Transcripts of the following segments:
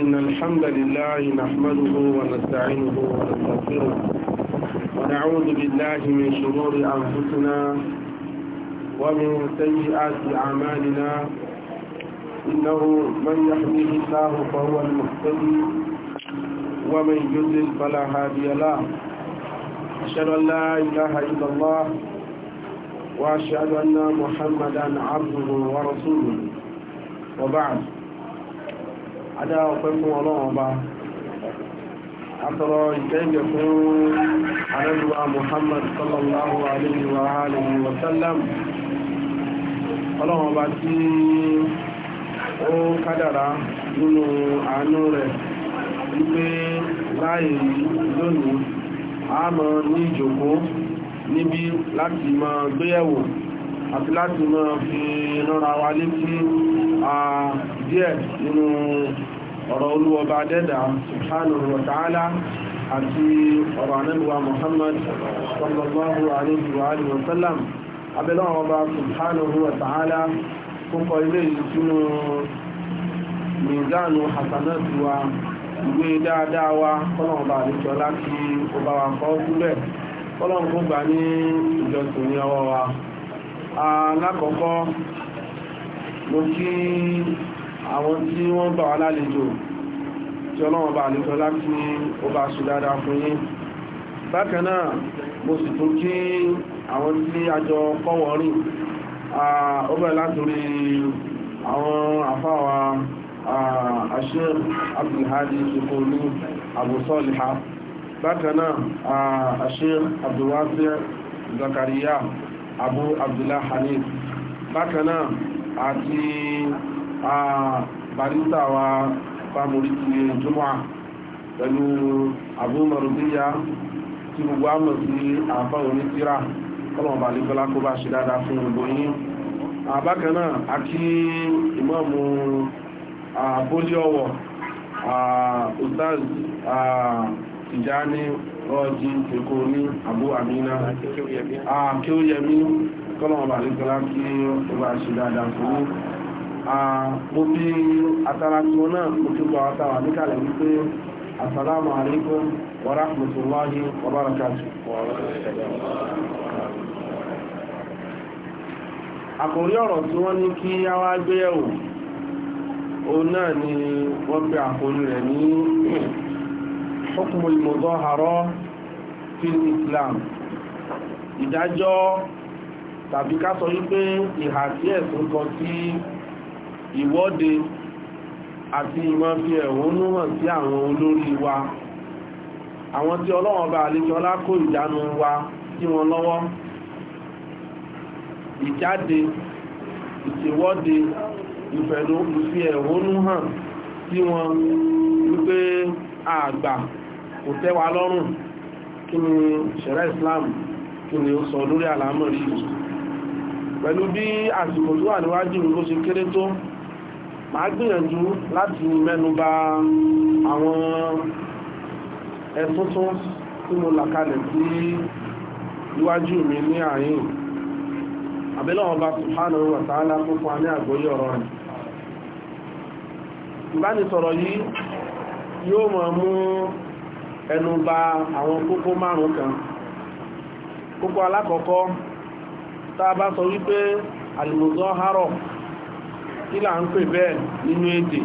إن الحمد لله نحمده ونستعينه ونستغفره ونعوذ بالله من شرور أنفسنا ومن سيئات أعمالنا إنه من يحميه الله فهو المهتدي ومن يضلل فلا هادي له أشهد أن لا إله إلا الله وأشهد أن محمدا عبده ورسوله وبعد adá ọpẹ́ fún ọlọ́run ọba atọrọ ìtẹ́jẹ̀ fún arẹ́lúwà muhammad sallallahu alayhi wa alihi wa sallam ọlọ́run ọba tí ó kádàrá nínú àánú rẹ̀ wípé láàyè lónìí a mọ̀ ní ìjòkó níbi láti mọ̀ gbéyẹ̀wò àti láti mọ̀ fi rọra wa létí díẹ̀ nínú ọ̀rọ̀ olúwọba dẹ́dà subhanahu wa ta'ala àti ọ̀rọ̀ anẹ́lúwa Muhammad sallallahu alayhi wa alihi wa sallam abẹ́lọ́wọ́ ọba subhanahu wa ta'ala kókọ ilé ìtúnú mìzánù hasanatu wa ìwé dáadáa wa kọ́lọ̀ọ̀bà àdíjọ gbà ní ìjọsìn ní ọwọ́ wa alákọ̀ọ́kọ́ mo kí àwọn tí wọ́n gbà wá lálejò tí ọlọ́wọ́n bá àlejò láti ó bá ṣe dáadáa fún yín bákan náà mo sì tún kí àwọn tí àjọ kọ́wọ́ rìn ó bẹ̀rẹ̀ látòrí àwọn àfáwà àṣẹ abdulhadi ìkòlú àbùsọ́lìhá bákan náà àṣẹ abdulwasi zakariya abu abdullah hanif bákan náà àti barista wa fámorítì jùmọ́ pẹ̀lú abúmọ̀rúbíyà tí gbogbo àmọ̀ sí àfá onítìrà ọlọ́ọ̀bà lẹ́gbẹ́lá kó bá ṣe dáadáa fún gbogbo yín àbákanáà àti ìmọ̀mù àbólí ọwọ̀ ustaz Tijani rọ́ọ̀jì èkó ní Abu Amina àkéóyẹmí kọ́lọ̀ọ̀bà lẹ́gbẹ́lá kí ó bá ṣe dáadáa fún mo fi àtàrà tí wọn náà mo ti gbọ́ àtàwà níkàlẹ̀ wípé assalamu alaikum wa rahmatullahi wa barakatuh àkòrí ọ̀rọ̀ tí wọ́n ní kí a wá gbé ẹ̀wò òun náà ni wọ́n pè àkòrí rẹ̀ ní hukmul mudahara fil islam ìdájọ́ tàbí ká sọ wípé ìhà sí ẹ̀sùn kan tí ìwọ́de àti ìmọ̀ fi ẹ̀hónú hàn sí àwọn olórí wa àwọn tí ọlọ́wọ́n bá àlejò ọlá kó ìjánu wa sí wọn lọ́wọ́ ìjáde ìṣèwọ́de ìfẹ̀lú ìfi ẹ̀hónú hàn sí wọn wípé àgbà kò tẹ́ wa lọ́rùn kí ni ṣẹ̀rẹ́ Islam kí ni ó sọ lórí àlámọ̀ rí pẹ̀lú bí àsìkò tó wà níwájú ló ṣe kéré tó máa gbìyànjú láti mẹ́nubà àwọn ẹ̀túntún tí mo là kalẹ̀ sí iwájú mi ní àyín àbẹ́lẹ̀ ọba subhanahu wa ta'ala fúnfún a ní àgbóyé ọ̀rọ̀ rẹ̀ ìbánisọ̀rọ̀ yìí yóò mọ̀ mú ẹnu bà àwọn kókó márùn kan kókó alákọ̀ọ́kọ́ tá a bá sọ wípé alìmùzọ́ harọ̀ kí là ń pè bẹ́ẹ̀ nínú èdè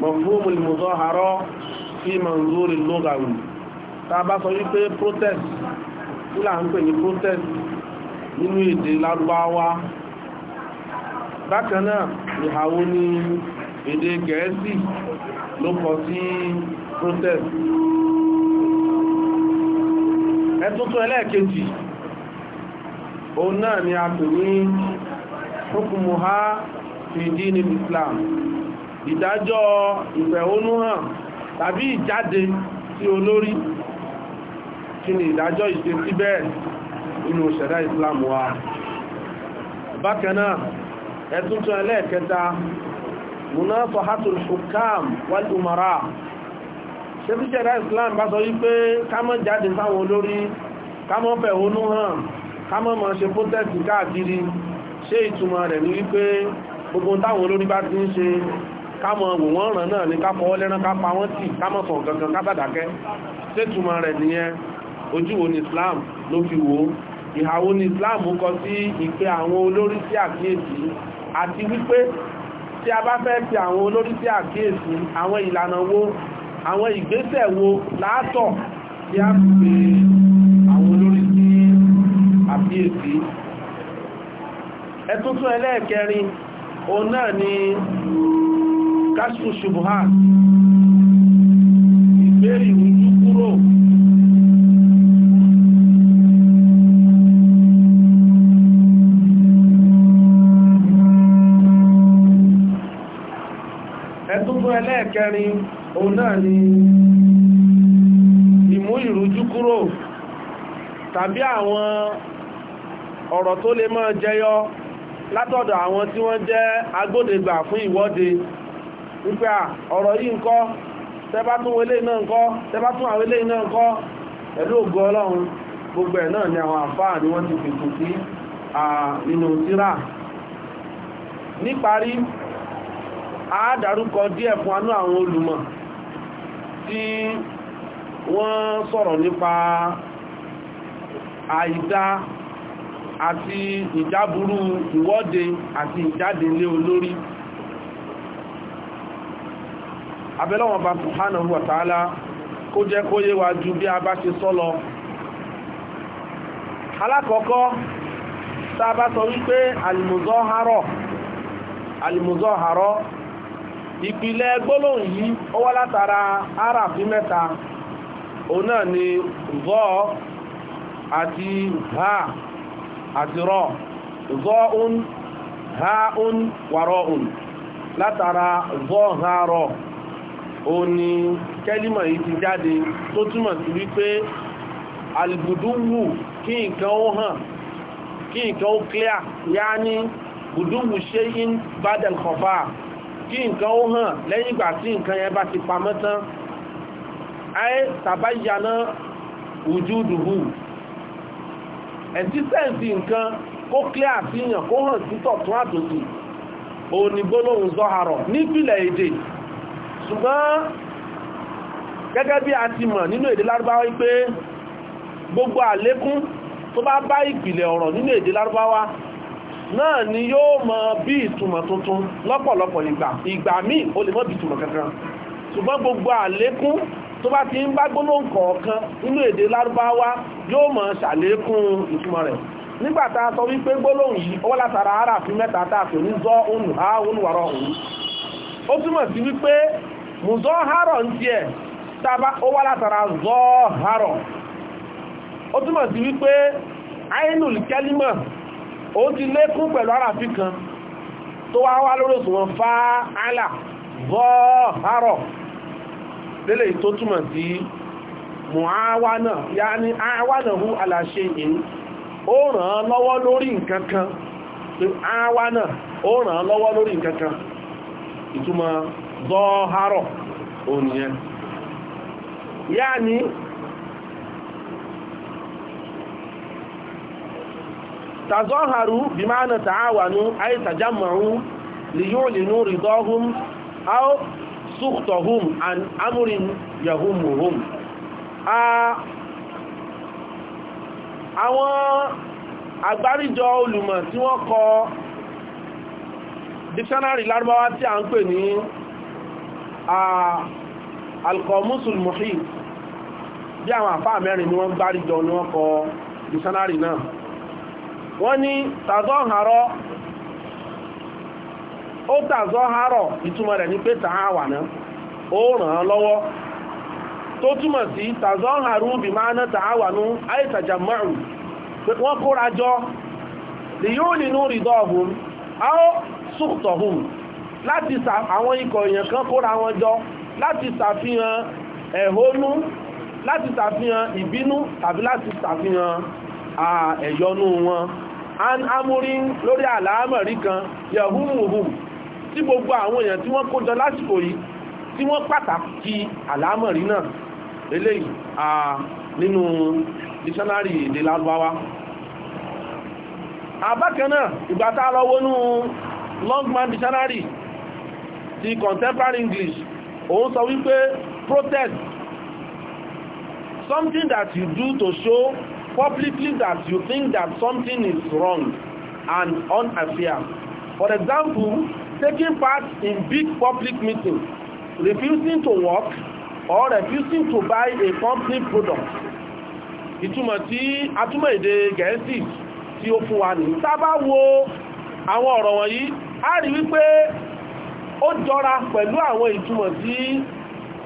mafhumul muzahara fi manzuri lughawi tá a bá sọ wípé protest kí là ń pè ní protest nínú èdè lárúbáwá bákan náà ìhàwó ní èdè gẹ̀ẹ́sì ló kọ sí protest ẹ̀tútù ẹlẹ́ẹ̀kejì òun náà ni a pè ní hukumuha fi dínil islam ìdájọ́ ìfẹ̀hónúhàn tàbí ìjáde sí olórí kí ni ìdájọ́ ìṣe síbẹ̀ inú ṣẹ̀dá islam wa bákanáà ẹ̀túntún ẹlẹ́ẹ̀kẹta munafahatul hukam wal umara ṣe bí ṣẹ̀dá islam bá sọ wípé kámọ́ jáde fáwọn olórí kámọ́ fẹ̀hónúhàn kámọ́ mọ̀ ṣe protest káàkiri ṣé ìtumọ̀ rẹ̀ ní wípé gbogbo táwọn olórí bá ti ń ṣe kámọ̀ wò wọ́n ràn náà ní kápọ̀ lẹ́rán kápa wọ́n tì kámọ̀ sọ gangan kásàdákẹ́ ṣé ìtumọ̀ rẹ̀ nìyẹn ojú wo ni Islam ló fi wò ó ìhàwó ni Islam kọ sí ìpè àwọn olórí sí àkíyèsí àti wípé tí a bá fẹ́ pe àwọn olórí sí àkíyèsí àwọn ìlànà wo àwọn ìgbésẹ̀ wo láàtọ̀ tí a fi pe àwọn olórí sí àkíyèsí ẹ̀tútù ẹlẹ́ẹ̀kẹrin òun náà ni kashfu shubuhat ìgbéri ìrújú kúrò ẹ̀tútù ẹlẹ́ẹ̀kẹrin òun náà ni ìmú ìrújú kúrò tàbí àwọn ọ̀rọ̀ tó lè máa jẹyọ látọ̀dọ̀ àwọn tí wọ́n jẹ́ agbódegbà fún ìwọ́de wípé ọ̀rọ̀ yìí ńkọ́ tẹ́bá tún wọlé náà ńkọ́ tẹ́bá tún àwọlé náà ńkọ́ pẹ̀lú ògo ni àwọn níparí a dárúkọ díẹ̀ fún anú àwọn olùmọ̀ tí wọ́n sọ̀rọ̀ nípa àìdá àti ìjáburú ìwọ́de àti ìjádelé olórí abẹ́lọ́wọ̀n bá subhanahu wa ta'ala kó jẹ́ kó yé wa ju bí a bá ṣe sọ́lọ alákọ̀ọ́kọ́ tá a bá sọ wípé alìmùzọ́hárọ̀ ìpìlẹ̀ gbólóhùn yìí ó wá látara árafi mẹ́ta òun náà ni zọ́ àti ha àti rọ́ zọ́ún haún wàrọ́ún látara zọ́hárọ̀ ó ní kẹ́límà yìí ti jáde tó túmọ̀ sí wípé alìbùdúwù kí nǹkan ó hàn kí nǹkan ó clear yá ní bùdúwù ṣe in badal kọfà kí nǹkan ó hàn lẹ́yìn ìgbà tí nǹkan yẹn bá ti pamọ́ tán ayé tàbáyà náà wùjú dùhù ẹ̀tísẹ́ǹsì nǹkan kó clear àfihàn kó hàn sí tọ̀tún àtòsí òun ni gbólóhùn zọ́harọ̀ nípìnlẹ̀ èdè ṣùgbọ́n gẹ́gẹ́ bí a ti mọ̀ nínú èdè lárúbáwá pé gbogbo àlékún tó bá bá ìpìlẹ̀ ọ̀rọ̀ nínú èdè lárúbáwá náà ni yóò mọ bí ìtumọ̀ tuntun lọ́pọ̀lọpọ̀ ìgbà ìgbà míì ó lè mọ́ bí ìtumọ̀ kankan ṣùgbọ́n gbogbo àlékún tó bá ti ń bá gbólóhùn kọ̀ọ̀kan nínú èdè lárúbáwá yóò mọ̀ ṣàlékún ìtumọ̀ rẹ̀ nígbà tá a sọ wípé gbólóhùn yìí ó wá látara ara fi mẹ́ta tá a pè ní zọ́ òun àáhùn wàrọ̀ òun ó túmọ̀ sí wípé mùzọ́ hárọ̀ ń tiẹ̀ tába ó wá látara zọ́ hárọ̀ ó túmọ̀ sí wípé ainul kẹ́límọ̀ ó ti lékún pẹ̀lú ara fi kan tó wá wá lórí òṣùwọ̀n fa ala zọ́ hárọ̀ lélẹ̀ tó túmọ̀ sí mùáwánà yá ní àwánà hú aláṣẹ ìní ó ràn án lọ́wọ́ lórí nǹkan kan àwánà ó ràn án lọ́wọ́ lórí nǹkan ìtumọ̀ zọ́hárọ̀ òníyẹn yá ní tàzọ́hàrú bí máa ní lè sukhtuhum an amrin yahumuhum àwọn àgbáríjọ olùmọ̀ tí wọ́n kọ dictionary lárúbáwá tí a ń pè ní alkọ̀mùsùl muhit bí àwọn àfáà mẹ́rin ni wọ́n gbáríjọ ni wọ́n kọ dictionary náà wọ́n ní tàzọ́ ó tàzọ́ harọ̀ ìtumọ̀ rẹ̀ ní pé tààwà náà ó ràn án lọ́wọ́ tó túmọ̀ sí tàzọ́ harú bí máa ná tààwà nú àìsàjà márùn pé wọ́n kóra jọ lè yóò nínú rìdọ́ ọ̀hún a ó sùkùtọ̀ hùn láti sa àwọn ikọ̀ èèyàn kan kóra wọn jọ láti ṣàfihàn ẹ̀hónú láti ṣàfihàn ìbínú tàbí láti ṣàfihàn ẹ̀yọnú wọn an amúrí lórí àlàámọ̀rí kan yẹ̀húnmùhùn tí gbogbo àwọn èèyàn tí wọ́n kójọ lásìkò yìí tí wọ́n pàtàkì àlámọ̀rí náà eléyìí à nínú dictionary èdè lárúbáwá àbákanáà ìgbà tá a lọ wọnú Longman dictionary ti contemporary English òun sọ wípé protest something that you do to show publicly that you think that something is wrong and unfair for example taking part in big public meetings, refusing to work or refusing to buy a company product. Ìtumọ̀ tí atúmọ̀ èdè Gẹ̀ẹ́sì tí ó fún wa ní. Tábá wo àwọn ọ̀rọ̀ wọ̀nyí, a rí wípé ó jọra pẹ̀lú àwọn ìtumọ̀ tí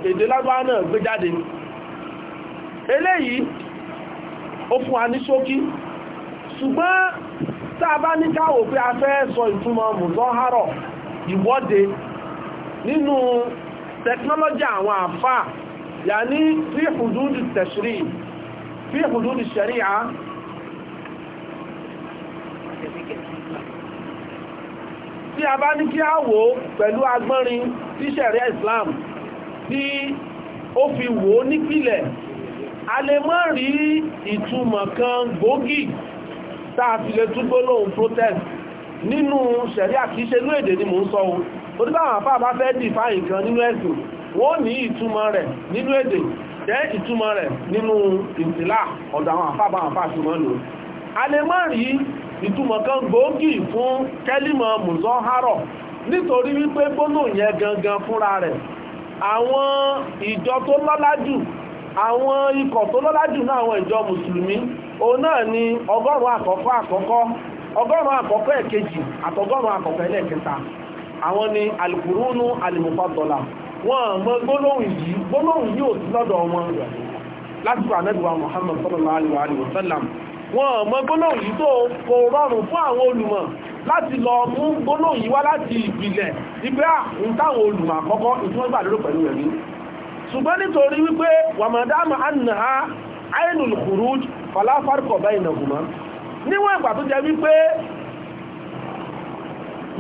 èdè lágbára náà gbé jáde. Eléyìí, ó fún wa ní ṣókí. Ṣùgbọ́n tábá ní káwò pé a fẹ́ sọ ìtumọ̀ mùsọ́hárọ̀ ìwọ́de nínú tẹkinọ́lọ́jì àwọn àfà yà ní fi hudud tashri fi hudud sharia tí a bá ní kí a wò pẹ̀lú agbọ́nrin tí sharia Islam tí ó fi wò nípìlẹ̀ a lè mọ́ rí ìtumọ̀ kan gbòógì tá fi lè túgbó lóhun protest nínú ṣẹ̀rí àkíṣe inú èdè ni mò ń sọ o torí báwọn àfáà bá fẹ́ dì fáyìn kan nínú ẹ̀sìn wọ́n ní ìtumọ̀ rẹ̀ nínú èdè jẹ́ ìtumọ̀ rẹ̀ nínú ìtìlá ọ̀dọ̀ àwọn àfáà báwọn àfáà ti mọ́ lò a lè má rí ìtumọ̀ kan gbòógì fún kẹ́límọ̀ mùsọ́hárọ̀ nítorí wípé gbóná yẹn gangan fúnra rẹ̀ àwọn ìjọ tó lọ́lá jù àwọn ikọ̀ tó lọ́lá jù náà àwọn ìjọ mùsùlùmí òun náà ni ọgọ́rùn-ún àkọ́kọ́ àkọ́kọ́ ọgọ́rùn-ún àkọ́kọ́ ẹ̀kejì àtọgọ́rùn-ún àkọ́kọ́ ẹlẹ́ẹ̀kẹta àwọn ni alìkùrúnú alìmùfàdọ́là wọn mọ gbólóhùn yìí gbólóhùn yìí ò sí lọ́dọ̀ wọn lásìkò ànẹ́bíwá Muhammad sallallahu alaihi wa sallam wọn mọ gbólóhùn yìí tó kò rọrùn fún àwọn olùmọ̀ láti lọ mú gbólóhùn yìí wá láti ìpìlẹ̀ ìgbé ń táwọn olùmọ̀ àkọ́kọ́ ìtumọ̀ ìgbà níwọ̀n ìgbà tó jẹ́ wípé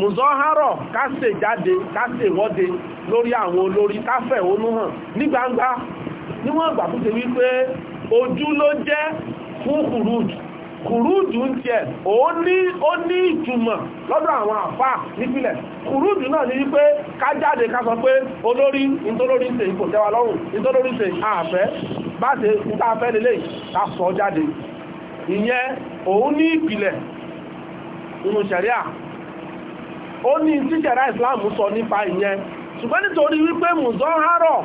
mùzọ́hárọ̀ kásẹ̀ jáde kásẹ̀ ìwọ́de lórí àwọn olórí káfẹ̀ olúhàn ní gbangba níwọ̀n ìgbà tó jẹ́ wípé ojú ló jẹ́ fún kùrùjù kùrùjù ń tiẹ̀ ó ní ìtumọ̀ lọ́dọ̀ àwọn àfà nípìnlẹ̀ náà ní wípé ká jáde ká a ìyẹn òun ní ìpìlẹ̀ nínú ṣẹ̀ríà ó ní tí Islam sọ nípa ìyẹn ṣùgbọ́n nítorí wípé mùsọ́hárọ̀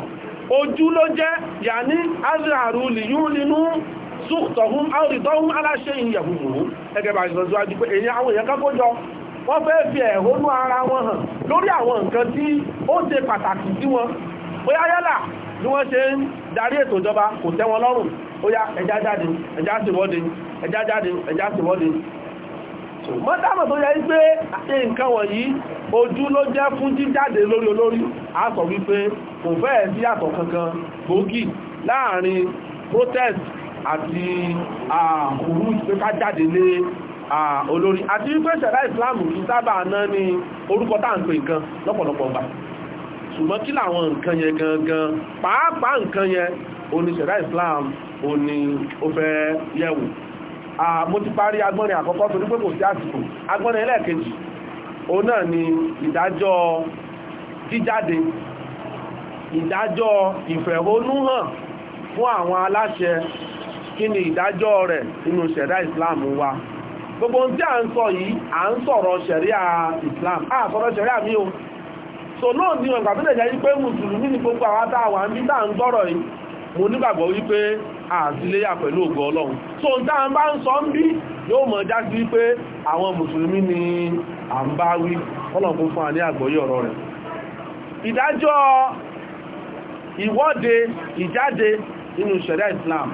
ojú ló jẹ́ yà ní azraru lìyún nínú súktọ̀hún áwòrìdọ́hún aláṣẹ ìyẹ̀hùnmù ẹgẹ́ bá ìṣẹ̀lẹ̀ ó yá ẹjá jáde ẹjá ṣèwọ́de ẹjá jáde ẹjá ṣèwọ́de mọ́tàmọ̀ tó yẹ wípé nǹkan wọ̀nyí ojú ló jẹ́ fún jíjáde lórí olórí a sọ wípé kò fẹ́ẹ̀ sí àtọ̀ kankan gbòógì láàrin protest àti àkùrú pé ká jáde lé olórí àti wípé ṣẹ̀dá ìsìláàmù kì í sábà náà ní orúkọ tá à ń pè nǹkan lọ́pọ̀lọpọ̀ ọgbà ṣùgbọ́n kí làwọn nǹkan yẹn gangan pàápàá nǹkan yẹn oníṣẹ̀dá ìsìláàmù o ni ó fẹ́ yẹ̀wò mo ti parí agbọ́nrin àkọ́kọ́ torí pé kò sí àsìkò agbọ́nrin ẹlẹ́ẹ̀kejì náà ni ìdájọ́ jíjáde ìdájọ́ ìfẹ̀hónúhàn fún àwọn aláṣẹ kí ni ìdájọ́ rẹ̀ nínú Islam wa gbogbo tí a ń sọ yìí a ń sọ̀rọ̀ Islam a sọ̀rọ̀ ṣẹ̀ríà mi o so náà ni ọ̀gbà tó lè jẹ́ pé mùsùlùmí ni gbogbo àwọn àtàwà ń bí tá mo nígbàgbọ́ wípé àdíléyà pẹ̀lú ògo ọlọ́run so n táa bá ń sọ ń bí yóò mọ̀ jáde wípé àwọn mùsùlùmí ni à ń bá wí ọlọ́run fún àní àgbọ́yé ọ̀rọ̀ rẹ̀ ìdájọ́ ìwọ́de ìjáde inú ìṣẹ̀dá Islam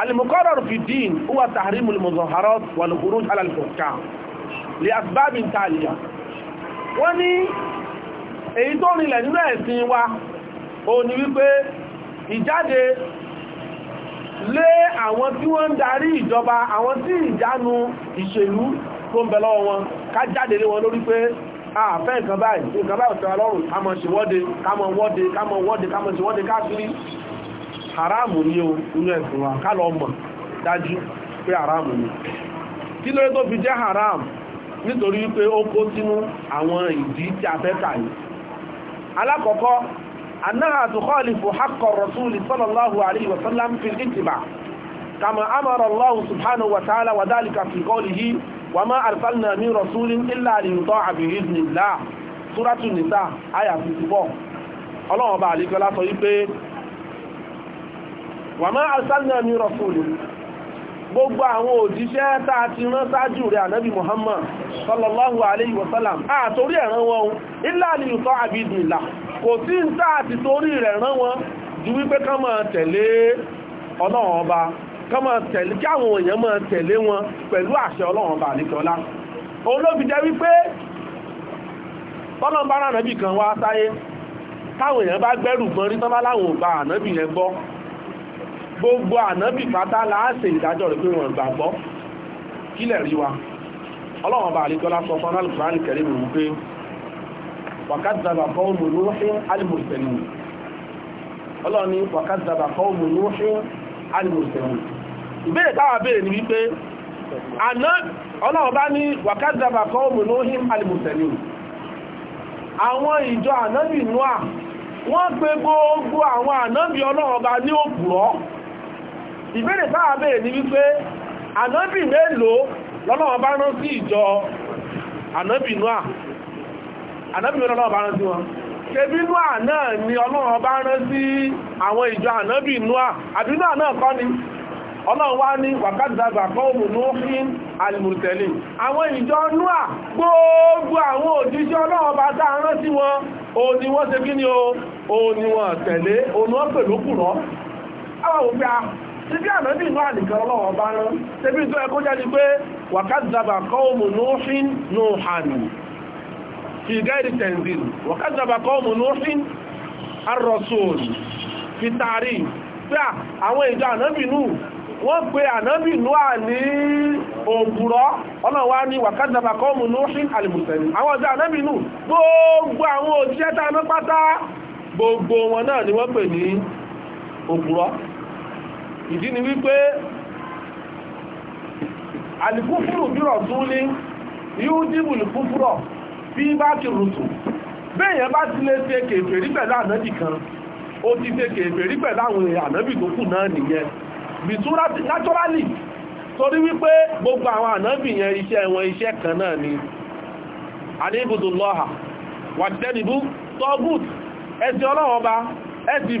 alimukọ́rọ̀ fìdín wà tàhrímù limozoharot wà lùkúrú alàlùkọ̀ká lè asbábi tààlìyà wọ́n ní èyí tó rìnlẹ̀ nínú ẹ̀sìn wa ó ní wípé ìjáde lé àwọn tí wọ́n ń darí ìjọba àwọn tí ìjánu ìṣèlú tó ń bẹ lọ́wọ́ wọn ká jáde lé wọn lórí pé àfẹ́ nǹkan báyìí nǹkan báyìí tẹ́wà lọ́rùn kámọ̀ ṣèwọ́de kámọ̀ wọ́de kámọ̀ wọ́de kámọ̀ ṣèwọ́de káàkiri haramu ni o inú ẹ̀sùn wa ká lọ mọ̀ dájú pé haramu ni kí lórí tó fi jẹ́ haram nítorí wípé ó kó sínú àwọn ìdí tí a fẹ́ kà yìí alákọ̀ọ́kọ́ أنها تخالف حق الرسول صلى الله عليه وسلم في الاتباع كما أمر الله سبحانه وتعالى وذلك في قوله وما أرسلنا من رسول إلا ليطاع بإذن الله سورة النساء آية 54 الله أبا عليك لا صيبه وما أرسلنا من رسول gbogbo àwọn òjíṣẹ́ tá a ti rán sáájú rẹ̀ ànábì Muhammad sallallahu alayhi wa sallam àtorí ẹ̀rán wọn ilá ni ìtọ́ àbídìlá kò sí ń tá a ti torí rẹ̀ rán wọn ju wípé ká máa tẹ̀lé ọlọ́run ọba ká máa tẹ̀lé kí àwọn èèyàn máa tẹ̀lé wọn pẹ̀lú àṣẹ ọlọ́run ọba àlejọ́lá olóbi jẹ́ wípé tọ́lọ́mbára ànábì kan wá sáyé táwọn èèyàn bá gbẹ́rù gbọ́n rí tọ́lá láwọn ò gba ànábì gbogbo ànábì pátá láàṣẹ ìdájọ́ rẹ̀ pé wọ́n gbàgbọ́ kílẹ̀ rí wa ọlọ́wọ́n bá àlejọ́lá sọ fún alùpùránì kẹrin mi wípé wàkàtàbà kọ́ọ̀mù lóhìn alìmùsẹ̀lì ọlọ́wọ́n ni wàkàtàbà kọ́ọ̀mù lóhìn alìmùsẹ̀lì ìbéèrè táwa béèrè ni wípé àná ọlọ́wọ́n bá ní wàkàtàbà kọ́ọ̀mù lóhìn alìmùsẹ̀lì àwọn ìjọ ànábì Nóà wọ́n pe gbogbo àwọn ànábì ọlọ́wọ́n bá ní òpùrọ́ ìbéèrè táà bèèrè ní wípé ànábì mélòó lọ́lọ́wọ́ bá rán sí ìjọ ànábì Nóà ànábì mélòó lọ́lọ́wọ́ bá rán sí wọn ṣebí Nóà náà ni Ọlọ́run bá rán sí àwọn ìjọ ànábì Nóà àbí Nóà náà kọ́ ni Ọlọ́run wá ní wàkàtàgbà kọ́ọ̀mù nóhìn alìmùtẹ̀lì àwọn ìjọ Nóà gbogbo àwọn òjíṣẹ́ Ọlọ́run bá tá a rán sí wọn o ni wọ́n ṣe kí ni o o ni wọ́n tẹ̀lé o ni wọ́n pẹ̀lú kùrọ́ àwọn òfin tí bí ànábì náà nìkan ọlọ́wọ́ bá rán tẹbí tó ẹkọ́ jáde pé wàkàzàbà kọ́ọ̀mù nóòfin nóòhànù fi gáìrì tẹ̀nzìn wàkàzàbà kọ́ọ̀mù nóòfin arọ́sùn fi tààrí pé ah, àwọn ìjọ ànábì nù wọ́n pe ànábì nù à ní òbúrọ́ ọlọ́wà ní wàkàzàbà kọ́ọ̀mù nóòfin alìmùsẹ̀lì àwọn ìjọ ni wọ́n pè ìdí ni wípé alìkúfúrù bírọ̀ tún ní yíó dìbò lìkúfúrọ̀ bí bá ti rùtù bẹ́ẹ̀yẹn bá ti lé ṣe pẹ̀lú kan ó ti ṣe kèfèrí pẹ̀lú àwọn ànábì tó kù náà nìyẹn gbogbo àwọn yẹn iṣẹ́ wọn kan náà ni lọ́hà tọ́gùt ẹ̀sìn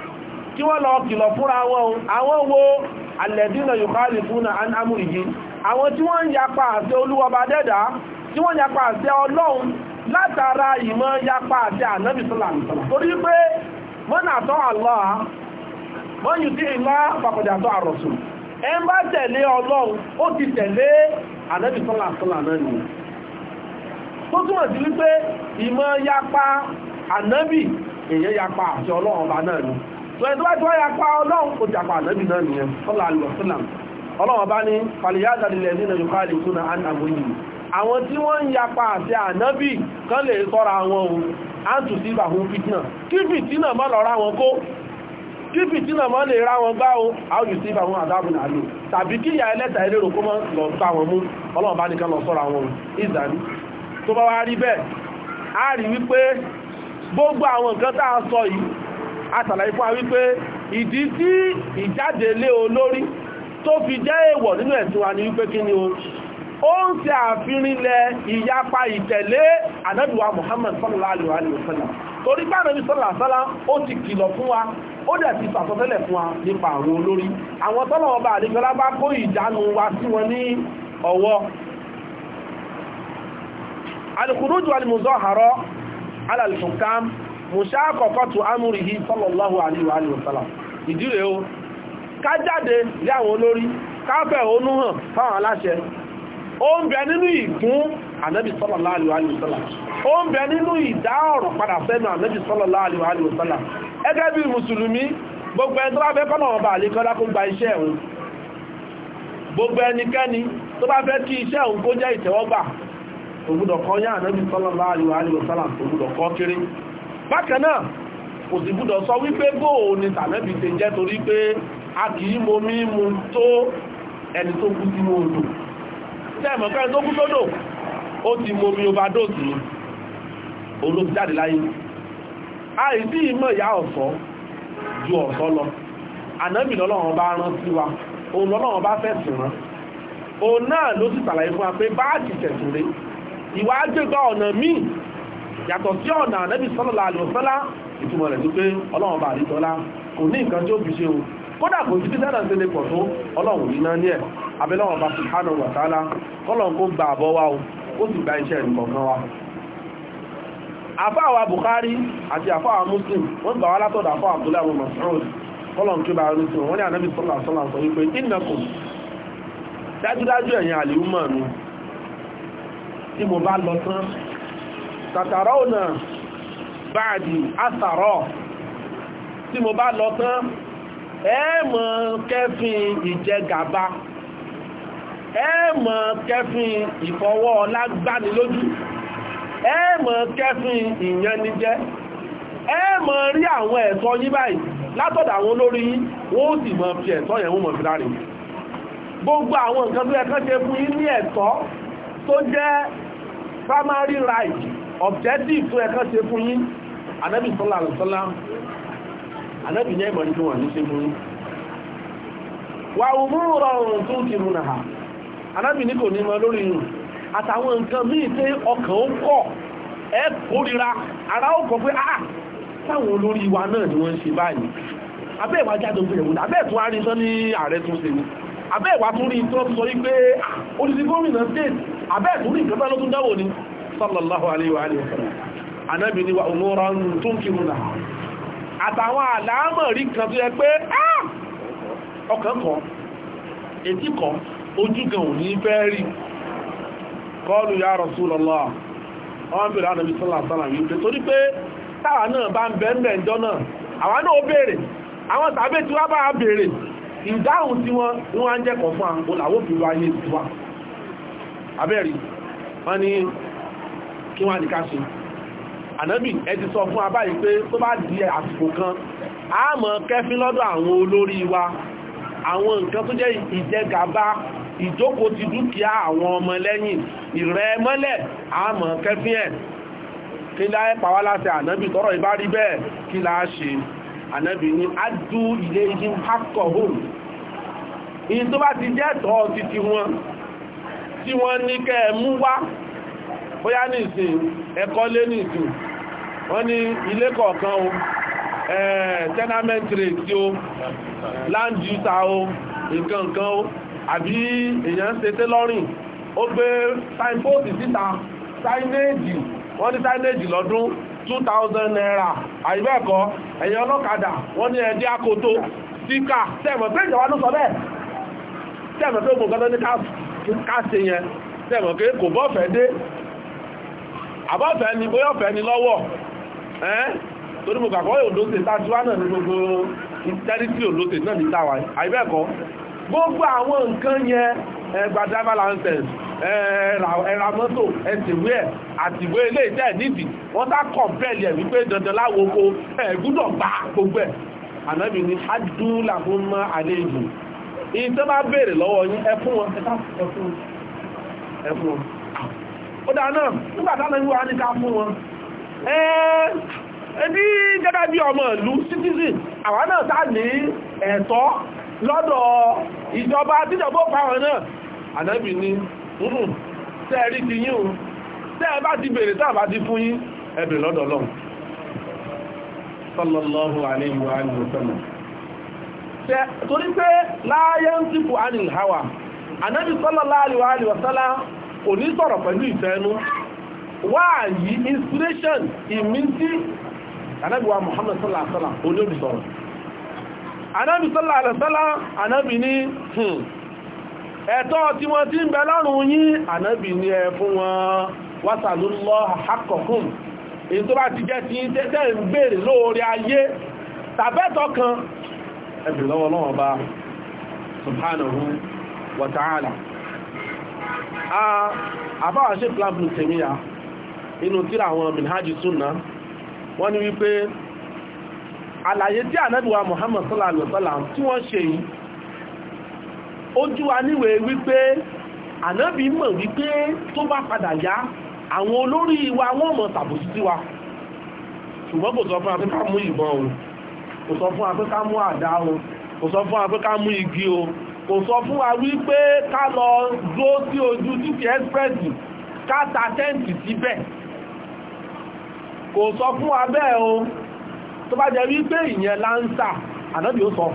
kí wọ́n lọ kìlọ̀ fúnra wọn àwọn wo alẹ́dínà yùkálì fún àmú ìyí àwọn tí wọ́n ń yapa àṣẹ olúwọba dẹ́dà tí wọ́n yapa àṣẹ ọlọ́run látara ìmọ̀ yapa àṣẹ ànábì sallallahu alaihi wasallam torí pé man ata Allah man yuti Allah faqad ata ar-rasul ẹ ń bá tẹ̀lé ọlọ́run ó ti tẹ̀lé ànábì sallallahu alaihi wasallam náà ni tó túmọ̀ sí náà ni tó ẹni tó bá ti wáyà pa ọlọ́run kò jàpá ànábì náà nìyẹn sọ́lá àlùfọ́sọ́lá ọlọ́run bá ní fàlìyáza nílẹ̀ nínú yóò káàlì tó na án àbóyìn àwọn tí wọ́n ń yapa àti ànábì kan lè sọ́ra wọn o á tù sí ìbàhún fìtínà kí fìtínà má lọ ra wọn kó kí fìtínà má lè ra wọn gbá o á yù sí ìbàhún àdábùn àlò tàbí kí ìyá ẹlẹ́ta elérò kó má lọ sá wọn mú ọlọ́run bá nìkan lọ sọ́ra wọn ìzàní tó bá wá rí bẹ́ẹ̀ á rí wípé a sọ àtàlàyé fún wa wípé ìdí tí ìjáde lé olórí tó fi jẹ́ èèwọ̀ nínú ẹ̀sìn wa ni wípé kí ni ó ń ṣe àfihànlẹ̀ ìyapa ìtẹ̀lé ànábì wa Muhammad sallallahu alaihi wa sallam torí pé ànábì sallallahu ti kìlọ̀ fún wa ó dẹ̀ ti sàtọ́tẹ́lẹ̀ fún wa nípa àwọn olórí àwọn tọ́lọ̀ ọba àdéjọlá bá kó ìjánu wa mùsáàkọ̀kọ́ tó amúrìhì sallallahu alaihi wasallam ìdíre o ká jáde lé àwọn olórí káfẹ́ hàn fáwọn aláṣẹ ó nínú ìgún ànábì sallallahu alaihi wasallam ó nínú ìdá ọ̀rọ̀ padà sẹ́nu ànábì sallallahu alaihi wasallam ẹgẹ́ bí mùsùlùmí gbogbo ẹni tó bá fẹ́ ọba gbogbo kí iṣẹ́ òun kó jẹ́ ìtẹ́wọ́gbà yá bákan náà kò sì gbúdọ̀ sọ wípé bóò ni tànẹ́bì ṣe jẹ́ torí pé a kì í mo mí mu tó ẹni tó kú sínú odò tẹ́ẹ̀mọ̀ pẹ́ni tó kú sódò ó ti mo mi overdose ni olóbi jáde láyé àìsí ìmọ̀ ìyá ọ̀sọ́ ju ọ̀sọ́ lọ ànábì lọ́lọ́run bá rán sí wa òun lọ́lọ́run bá fẹ̀sùn rán òun náà ló sì ṣàlàyé fún wa pé báàkì tẹ̀sùn rẹ̀ ìwà àjẹgbà ọ̀nà míì yàtọ̀ sí ọ̀nà ànábì sallallahu alaihi wasallam ìtumọ̀ rẹ̀ wípé ọlọ́run bá àríjọlá kò ní nǹkan tí ó fi ṣe o kódà kò sí bísẹ́ náà tẹ́lẹ̀ pọ̀ tó ọlọ́run ní náà ní ẹ̀ abẹ́lọ́wọ̀n bá subhanahu wa ta'ala kọ́lọ̀n kó gba àbọ̀ wa o ó sì gba iṣẹ́ nǹkan wa àfáàwà Bukhari àti àfáàwà Muslim wọ́n gbà wá látọ̀dọ̀ àfáà Abdullahi abu Mas'ud kọ́lọ̀n kí bá rí sí wọ́n ní ànábì sallallahu alaihi wasallam sọ wípé innakum dájúdájú ẹ̀yin àlè tí mo bá lọ tán tàtàrọ́nà báàdì àtàrọ́ tí mo bá lọ tán ẹ̀ẹ̀mọ̀ kẹfin ìjẹgàba ẹ̀ẹ̀mọ̀ kẹfin ìfọwọ́ lágbánilójú ẹ̀ẹ̀mọ̀ kẹfin ìyànnijẹ ẹ̀ẹ̀mọ̀ rí àwọn ẹ̀tọ́ yín báyìí látọ̀dọ̀ àwọn olórí yín wọ́n sì mọ̀ fi ẹ̀tọ́ yẹn wọ́n mọ̀ fi láre gbogbo àwọn nǹkan tó yẹ ṣe fún yín ní ẹ̀tọ́ tó jẹ́ primary right objective tó ẹ̀kọ́ ṣe fún yín anábì sọ́lá àlùsọ́lá anábì ní ẹ̀mọ̀ nígbà wà ní ṣe fún yín wà òmúrò ọ̀rùn tó ti mú nà ha anábì ní kò ní mọ lórí yìí àtàwọn nǹkan míì pé ọkàn ó kọ̀ ẹ kórira ara ó kọ̀ pé ah táwọn olórí wa náà ni wọ́n ṣe báyìí abẹ́ ìwà jáde ògbé ẹ̀wọ̀n abẹ́ ìtún arin ní ààrẹ tún ṣe ni abẹ́ ìwà tún rí tán sọ wípé olùsí ah, gómìnà state abẹ́ ìtún rí nǹkan tán ló dáwò ni sallallahu alayhi wa sallam anábì ni wa umuran tunkiruna àtàwọn àlàámọ̀ rí kan tó yẹ pé ah! ọkàn kọ etí kọ ojú gan ò ní fẹ́ rí kọlu ya Rasulullah wọ́n bèèrè ànàbí sọ́làsọ́là yìí pé torí pé táwa náà bá ń bẹ̀ẹ̀mẹ̀ ìjọ náà àwa náà ó bèèrè àwọn tàbí tí wá bá a ìdáhùn tí wọ́n wọ́n á jẹ́kọ̀ọ́ fún àwọn olàwó fi wáyé tiwa abẹ́rí wọ́n ni kí wọ́n àdíká ṣe ànábì ẹ ti sọ fún abáyé pé tó bá di àsìkò kan a mọ̀ kẹfín lọ́dọ̀ àwọn olórí wa àwọn nǹkan tó jẹ́ ìjẹgàba ìjókòó ti dúkìá àwọn ọmọ lẹ́yìn ìrẹ́ mọ́lẹ̀ a mọ̀ kẹfín ẹ̀ kí láyé pàwá láti ànábì tọrọ ìbá rí bẹ́ẹ̀ kí láá ṣe ànábì ní adú ilé igi hákọ̀ home ìyí tó bá ti jẹ́ tọ́ ti ti wọn tí wọ́n ní kẹ́ mú wá bóyá ní ìsìn ẹ̀kọ́ lé ní ìsìn wọ́n ní ilé kọ̀ọ̀kan o tenement rate o land use o nǹkan nǹkan o àbí èèyàn ń ṣe tailoring ó gbé signpost síta signage wọ́n ní signage lọ́dún 2000 naira àìbẹ́ẹ̀kọ́ ẹ̀yìn ọlọ́kadà wọ́n ní ẹ̀dí akoto síkà tẹ́mọ̀ pé ìjọba ló sọ bẹ́ẹ̀ tẹ́mọ̀ pé gbogbo ọdún ní ká ṣe yẹn tẹ́mọ̀ pé kò bọ́fẹ̀ẹ́ dé àbáfẹ́ ni bóyá ọ̀fẹ́ ni lọ́wọ́ ẹ́n torí mo kàkọ́ òlóṣè tájúwá náà ní gbogbo tẹ́rítì òlóṣè náà ní táwa àìbẹ́ẹ̀kọ́ gbogbo àwọn nǹkan yẹn ẹgbà driver license ẹ̀rà mọ́tò ẹ̀sìnwé ẹ̀ àtìwé ilé iṣẹ́ nídìí wọ́n tá kọ̀m̀pẹ́lì ẹ̀ wípé dandan láwo ko ẹ̀gúdọ̀ gbà gbogbo ẹ̀ ànábì ni ájú làwọn mọ́ alẹ́ ìbò ìyí tó bá béèrè lọ́wọ́ yín ẹ fún wọn ẹ fún wọn ó dá náà nígbàtánà ìwà ní ká fún wọn ẹbí gẹ́gẹ́ bí ọmọ ìlú citizen àwọn náà tá ní ẹ̀tọ́ lọ́dọ̀ ìjọba tíjọba pàwọn náà ànábì ni tẹ́ẹ̀rí ti yín o tẹ́ẹ̀ bá ti bèèrè tàà bá ti fún yín ẹ bèèrè lọ́dọ̀ Ọlọ́run sallallahu alayhi wa sallam torí pé láyé ń sípò anìl hawa ànábì sallallahu alayhi wa sallam kò ní sọ̀rọ̀ pẹ̀lú ìfẹ́nu wáàyí inspiration ìmísí anábíwá Muhammad sallallahu alaihi wasallam olóbi sọ̀rọ̀ anábí sallallahu alaihi wasallam anábí ní hmm, ẹ̀tọ́ tí wọ́n ti ń bẹ lọ́rùn yín anábí ní ẹ fún wọn wasalullaha haqqakum èyí tó bá ti jẹ́ ti tẹ́ subhanahu wa ta'ala àbáwà ṣe blablu tèmíyà inú tíra àwọn minhaji sunna wọ́n ní wípé àlàyé tí ànábìwà Muhammad sallallahu alaihi wasallam tí wọ́n ṣe yìí ojú wa níwèé wípé ànábì mọ̀ wípé tó bá padà yá àwọn olórí wa wọ́n mọ̀ tàbùsí sí wa ṣùgbọ́n kò sọ fún afẹ́ ká mú ìbọn o kò sọ fún afẹ́ ká mú àdá o kò sọ fún afẹ́ mú igi o kò sọ fún wa wípé ká lọ dúró sí ojú títì express ká ta tẹ́ǹtì síbẹ̀ kò sọ fún wa bẹ́ẹ̀ o tó bá jẹ́ wípé ìyẹn láńsà ànábì ó sọ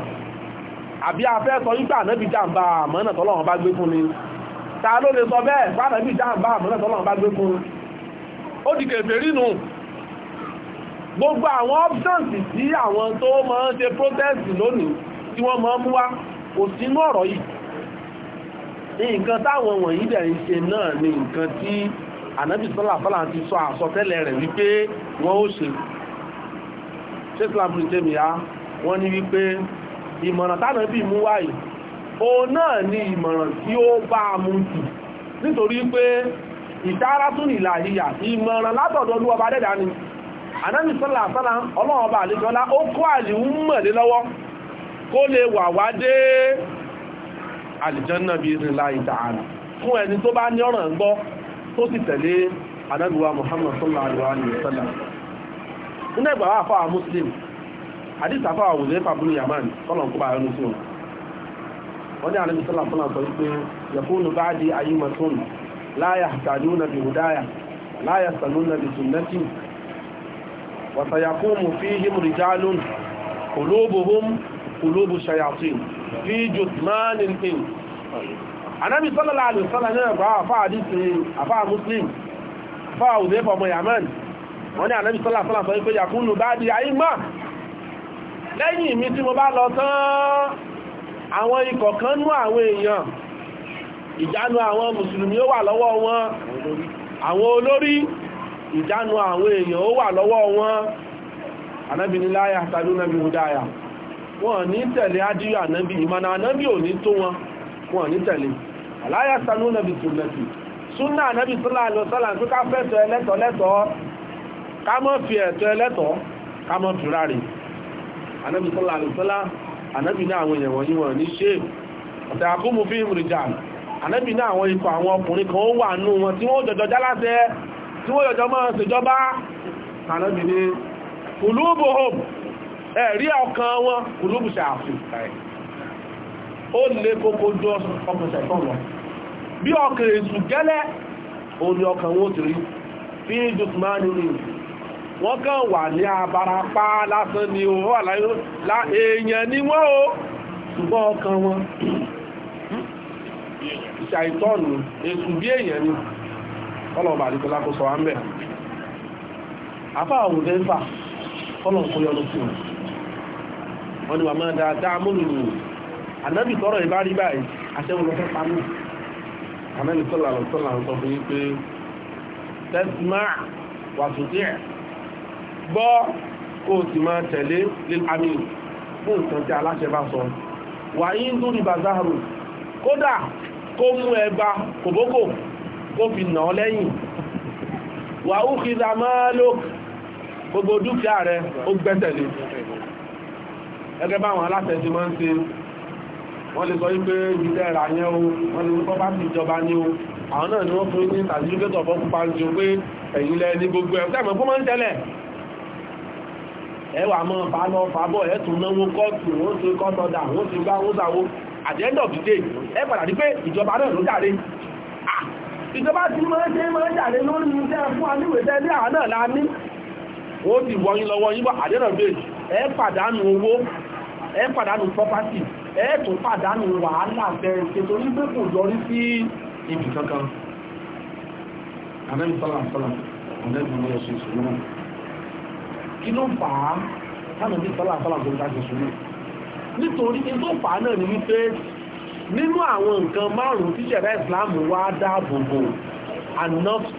àbí afẹ́ sọ wípé ànábì jàǹbá àmọ́nà tọ́lọ́run bá gbé fún ni ta ló lè sọ bẹ́ẹ̀ fún ànábì jàǹbá àmọ́nà tọ́lọ́run bá gbé fún ó di kèfèrí nù gbogbo àwọn options tí àwọn tó máa ń ṣe protest lónìí tí wọ́n máa ń mú wá kò sínú ọ̀rọ̀ yìí nǹkan táwọn wọ̀nyí dẹ̀ ṣe náà ni nǹkan tí ànábì sọ́là fọ́là ti sọ àsọtẹ́lẹ̀ rẹ̀ wípé wọ́n ó ṣe ṣé islam ní wọ́n ní wípé ìmọ̀ràn tánàbì mú wáyìí òun náà ni ìmọ̀ràn tí ó bá mú jù nítorí pé ìdára tún ìlà ìyà ìmọ̀ràn látọ̀dọ̀ olúwọba dẹ́dà ni ànábì sọ́là fọ́là ọlọ́ọ̀ba àlejọ́lá ó kó kó lè wà wá dé àlìjánná bí ìrìnláì ta'ala fún ẹni tó bá ní tó sì tẹ̀lé anábíwá Muhammad sallallahu alaihi wasallam nínú ẹgbà wà muslim àdìsá fáwà wùzẹ́ fàbúrú yamani kọ́lọ̀n kó bá yọnu sí wọn wọ́n ní anábí sallallahu alaihi wasallam sọ wípé yakunu ba'di ayyimatun la yahtaduna bi hudaya la yastanuna bi sunnati wa sayaqumu kùlóbù ṣayàtì fi jùtmanin in anábi sọ́lọ́lá alìsọ́lá ní ẹgbà àfáà àdísì àfáà muslim àfáà òzèfà ọmọ yaman wọ́n ni anábi sọ́lá sọ́lá sọ pé yàkúnlù bá di àyíma lẹ́yìn mi tí mo bá lọ tán àwọn ikọ̀ kan nú àwọn èèyàn ìjánu àwọn mùsùlùmí ó wà lọ́wọ́ wọn àwọn olórí ìjánu àwọn èèyàn ó wà lọ́wọ́ wọn anábi ni tàbí náà bí hùdáyà wọ́n ní tẹ̀lé ájíyà ànábì ìmọ̀nà ànábì ò ní tó wọn wọ́n ní tẹ̀lé aláyàsánú nàbì sunnati súnà ànábì sọ́lá àlọ́sọ́lá tó ká fẹ́tọ̀ ẹlẹ́tọ̀ lẹ́tọ̀ ká mọ́ fi ẹ̀tọ́ ẹlẹ́tọ̀ ká mọ́ fi ráre ànábì sọ́lá àlọ́sọ́lá ànábì ní àwọn èèyàn wọ̀nyí wọ̀n ní ṣe ọ̀tẹ̀ àkúmu fi rìjà ẹ̀rí ọkàn wọn kùlùbùsẹ̀ àfihàn ó lè kókó jọ ọkùnsẹ̀ tán lọ bí ọkàn èsù gẹ́lẹ́ ó ní ọkàn wọn rí fi ń nínú wọn kàn wà ní abarapá lásán ni ó wà láyé èèyàn ni wọ́n o ṣùgbọ́n ọkàn wọn bí èèyàn ni ọlọ́ọ̀bà ń bẹ̀ afáwọn òdẹ́fà ọlọ́ọ̀kọ́ yọ wọ́n ni wà máa dáadáa múlùú ànábì tọ́rọ̀ ìbá rí báyìí aṣẹ́wọ̀n lọ́fẹ́ pamọ́ ànábì tọ́lá lọ́tọ́lá ń sọ fún yí pé tẹ́símà wà sùtí ẹ̀ gbọ́ kó o sì máa tẹ̀lé lil amin fún nǹkan tí gbogbo dúkìá rẹ̀ ó gbẹ́sẹ̀ gẹ́gẹ́ bá àwọn aláṣẹ ti máa ń ṣe wọ́n lè sọ wípé ìbílẹ̀ rà yẹn o wọ́n lè wípọ́ bá ti ìjọba ní o àwọn náà ni wọ́n fún ní certificate of occupancy o pé ẹ̀yìn lẹ ní gbogbo ẹ̀ tẹ́mọ̀ fún máa ń tẹ́lẹ̀ ẹ wà mọ́ fà lọ fà bọ̀ ẹ tún náwó kọ́ọ̀tù wọ́n at the end of the day ẹ padà rí pé ìjọba náà ló jàre ah! ìjọba ti máa ń ṣe máa ń jàre lórí iṣẹ́ fún aníwèsẹ́ ní àwọn náà la ní wọ́n ti wọ́n yín lọ́wọ́ yín bọ̀ àdéhùn bẹ́ẹ̀ ẹ pàdánù owó ẹ pàdánù property ẹ tó pàdánù wàhálà bẹ̀rẹ̀ ṣètò ní pé kò yọrí sí ibi kankan amẹ́rin sọ́là sọ́là ọ̀dẹ́gbọ̀n lọ́yọ̀ sí ìṣòro náà kí ló fà á táwọn bí sọ́là sọ́là tó ń dájọ́ sọ́là nítorí ní tó fà á náà ni wípé nínú àwọn nǹkan márùn-ún tí ṣẹ̀dá ìsìláàmù wá dáàbò bò anọ́fù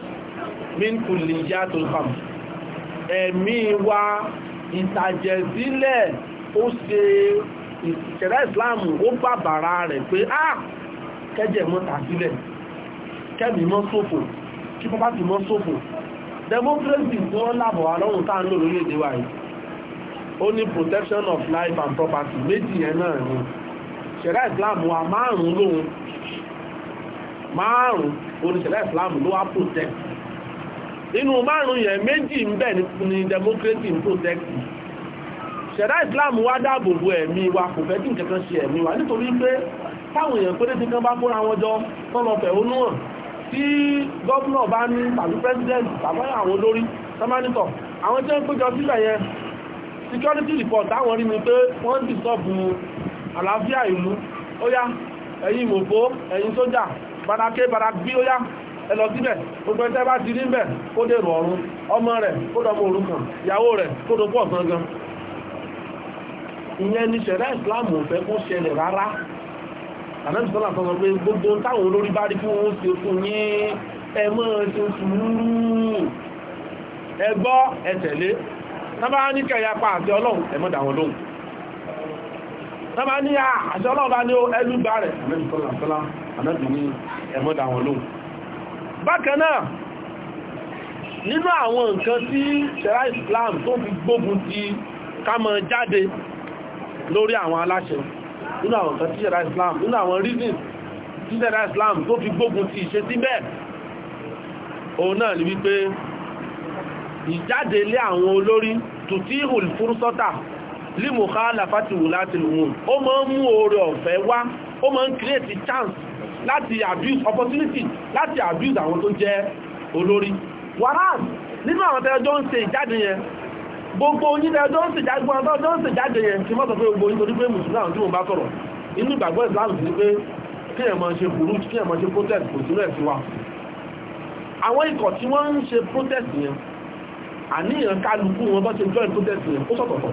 mínkùlìyà tó fà ẹ̀mí wa ìtàjẹ̀sílẹ̀ ó ṣe ìṣẹ̀dá islam ó bàbàrà rẹ̀ pé á kẹ́jẹ̀ mọ́ tàbílẹ̀ kẹ́mì mọ́ sófò kí pápá ti mọ́ sófò democracy tí wọ́n lábọ̀ wà lọ́rùn tá ń lò lórílẹ̀-èdè wa yìí ó ní protection of life and property méjì yẹn náà ni ṣẹ̀dá islam wa márùn-ún lóhun márùn-ún oníṣẹ̀dá islam ló wá protect nínú márùn-ún yẹn méjì ń bẹ ni democracy ń protect ṣẹ̀dá islam wá dáàbò bo ẹ̀mí wa kò fẹ́ kí nǹkan ṣe ẹ̀mí wa nítorí pé táwọn èèyàn péréte kan bá kóra wọn jọ tọ́lọ fẹ̀hónú tí gọ́ọ̀nà bá ní tàbí president tàbí àwọn olórí sẹ́mánítọ̀ àwọn tí ó ń péjọ sílẹ̀ yẹn security report táwọn rí ni pé wọ́n ti sọ́ọ̀bù àlàáfíà ìlú ó yá ẹ̀yin mòfó barakbi ó yá ẹ lọ síbẹ̀ gbogbo ẹ̀tẹ́ bá ti rí ń bẹ̀ kó ìyẹn ni ṣẹ̀rẹ́ ìsìláàmù ò fẹ́ kó ṣẹlẹ̀ rárá àmẹ́bí sọ́lá sọ pé gbogbo táwọn olórí bá rí fún wọn ṣe fún yín ẹ mọ́ ṣe sùúrù ẹ gbọ́ ẹ tẹ̀lé tábà ní kẹ̀yà pa àti ọlọ́run ẹ mọ́ dàwọn lóhùn tábà ní àṣẹ ọlọ́run bá ní ẹlú gbà rẹ̀ àmẹ́bí sọ́lá sọ́lá àmẹ́bí ní ẹ mọ́ dàwọn lóhùn bákan náà nínú àwọn nǹkan tí ṣẹ̀rá Islam tó fi gbógun ti ká má jáde lórí àwọn aláṣẹ nínú àwọn nǹkan tíṣẹ̀dá Islam nínú àwọn reason tíṣẹ̀dá Islam tó fi gbógun ti ìṣe sí bẹ́ẹ̀ òun náà ni wípé ìjáde lé àwọn olórí tùtí ìhùl fúrúsọ́tà límùká làfàtìwò láti lùmùn ó máa ń mú oore ọ̀fẹ́ wá ó máa ń create chance láti abuse opportunity láti abuse àwọn tó jẹ́ olórí whereas nínú àwọn tẹ́jọ́ ń ṣe ìjáde yẹn gbogbo onílẹ̀ tó ń sèjáde gbogbo tó ń sèjáde yẹn kí mọ́tò pé gbogbo nítorí pé mùsùlùmí tí mo bá sọ̀rọ̀ inú ìgbàgbọ́ ìsìláàmù sí pé kíyàn máa ṣe burú kíyàn máa ṣe protest kò sínú ẹ̀sìn wa àwọn ikọ̀ tí wọ́n ń ṣe protest yẹn àníyàn kálukú wọn bá ṣe join protest yẹn ó sọ̀tọ̀tọ̀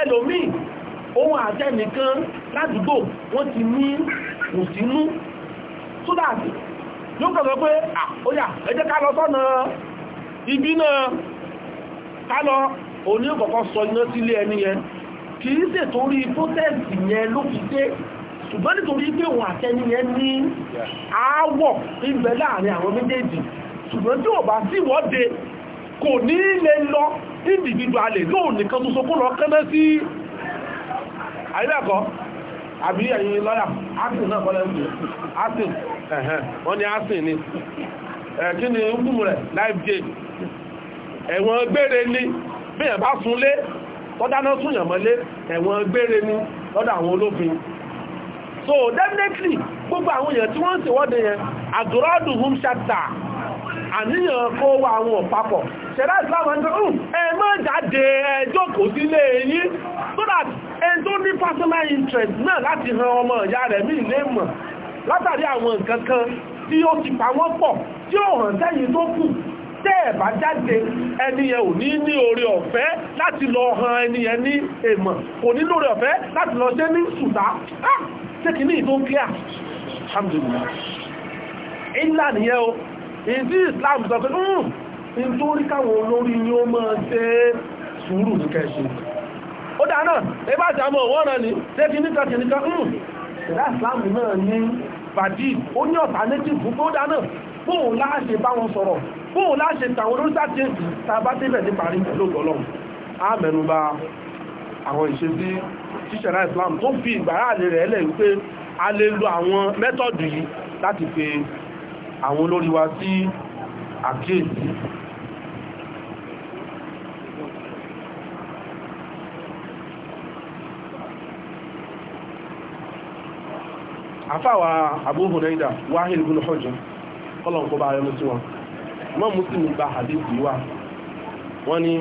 ẹlòmíì ohun àtẹnìkan ládùúgbò wọ́n ti ní òsínú so that yóò kọ̀ sọ pé ó yá ẹ ká lọ sọ́nà ibi náà sálọ òní ọ̀kọ̀kan sọ iná sílé ẹni yẹn kì í ṣe torí protest yẹn ló fi dé ṣùgbọ́n nítorí pé òun àtẹni yẹn ní aáwọ̀ ibẹ̀ láàrin àwọn méjèèjì ṣùgbọ́n tí ò bá sí ìwọ́de kò ní lè lọ individualè lóò nìkan tuntun kó lọ kẹ́mẹ́ sí àyíbẹ̀kọ́ àbí ẹ̀yìn lọ́yà asin náà kọ́lẹ̀ ń asin wọ́n ni asin ni ni ń kúmù rẹ̀ live ẹ̀wọ̀n gbére ni bíyàn bá súnlé tọ́dáná súnyàn mọ́lé ẹ̀wọ̀n gbére ni lọ́dọ̀ àwọn olófin so definitely gbogbo àwọn èèyàn tí wọ́n ń ṣèwọ́de yẹn àgọ́rọ́dù hum ṣàtà àníyàn kó wá àwọn ọ̀pápọ̀ ṣẹ̀dá ìsìláàmù ẹni tó ẹ má jáde ẹ jókòó sílé yín so that ẹni personal interest náà láti ran ọmọ ìyá rẹ̀ mí lè mọ̀ látàrí àwọn nǹkan kan tí ó ti pa wọ́n pọ̀ tí ó hàn sẹ́yìn tó kù tẹ́ ẹ̀ bá jáde ẹni yẹn ò ní ní oore ọ̀fẹ́ láti lọ han ẹni yẹn ní èmọ̀ kò ní lóore ọ̀fẹ́ láti lọ ṣe ní sùdá ah! ṣé kìíní tó ń kíà alhamdulillah ilá nìyẹn o ìdí Islam sọ pé hmm, nítorí káwọn olórí ni ó máa ṣe sùúrù ní kẹsì ó dá náà ẹbá àti àmọ́ wọ́n rán ní ṣé kìíní kan kìíní kan hmm. ṣẹ̀dá Islam náà ní bàdí ó ní ọ̀tá méjì fún tó dá fóò láṣe tàwọn olóríṣà tí tàbá tí bẹ̀ ní parí pẹ̀lú ọlọ́run a mẹ́nubà àwọn ìṣesí ṣíṣẹ̀rá Islam tó fi ìgbàrá àlè rẹ̀ lẹ̀ wípé a lè lo àwọn mẹ́tọ̀dù yìí láti pe àwọn olórí wa sí àkíyèsí àfáwà Abu Hunaida Wahil bin Hujr kọlọ̀nkọba ayọ́mọ́ sí wọn Imam Muslim gba hadithi wa wọ́n ní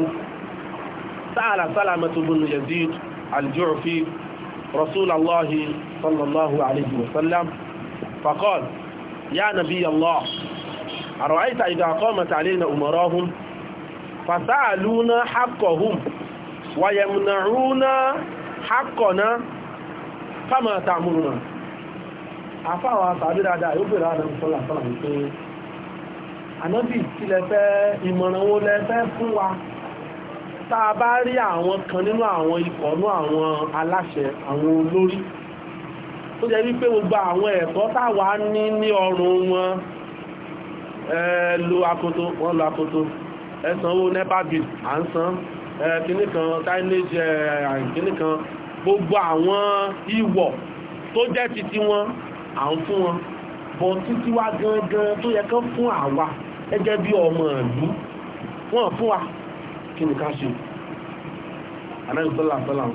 sáàlà Salamatu bin Yazid al-Ju'fi Rasulullahi sallallahu alayhi wa sallam faqala ya Nabiy Allah أرأيت إذا قامت علينا أمراهم فسألونا حقهم ويمنعون حقنا كما تأمرنا أفعوا أصابي هذا يبرى أنا صلى الله عليه وسلم ànábì kí lẹ fẹ́ ìmọ̀ràn wo lẹ fẹ́ fún wa tá a bá rí àwọn kan nínú àwọn ikọ̀ nú àwọn aláṣẹ àwọn olórí tó jẹ́ wípé gbogbo àwọn ẹ̀kọ́ táwa ní ní ọrùn wọn lo akoto wọ́n lo akoto ẹ sanwó nepa bill à ń san kìíní kan tínage kìíní kan gbogbo àwọn ìwọ̀ tó jẹ́ titi wọn à ń fún wọn bọ̀ títí wá gangan tó yẹ kán fún àwa gẹ́gẹ́ bí ọmọ ìlú wọ́n fún wa kí ni ká ṣe anábì sọ́là sọ́là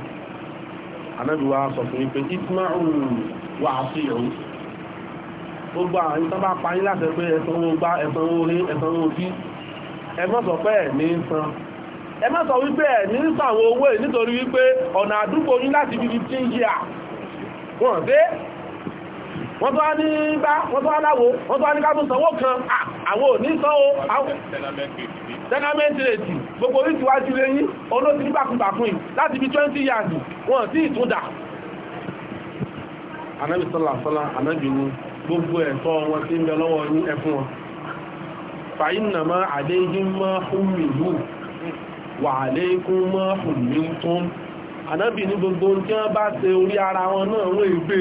anábì wa sọ fún wípé ismaul wà sí ìrún gbogbo àwọn ìtàn bá pa yín láti pé ẹ̀sán owó gbá ẹ̀sán owó rí ẹ̀sán owó bí ẹ má sọ pé ẹ̀ ní san ẹ má sọ wípé ẹ̀ ní sàwọn owó nítorí wípé ọ̀nà àdúgbò yín láti fi fi tí ń yà wọ́n dé wọ́n tó wá ní gbá wọ́n tó wá láwo wọ́n tó wá ní kábùn sanwó kan àwọn ní sanwó tẹ́gámẹ́ntì gbogbo orí wájú lé yín nígbàkúgbàkún láti bí 20 years wọ́n sì ìtúndà anábì sọ́lá sọ́lá anábì ní gbogbo ẹ̀tọ́ wọn tí ń bẹ lọ́wọ́ ní ẹkún wọn fàyínà má àdéhí má hùmìlú wà àlékún má hùmìlú tó anábì ní gbogbo tí wọ́n bá ṣe orí ara wọn náà wọ́n ègbé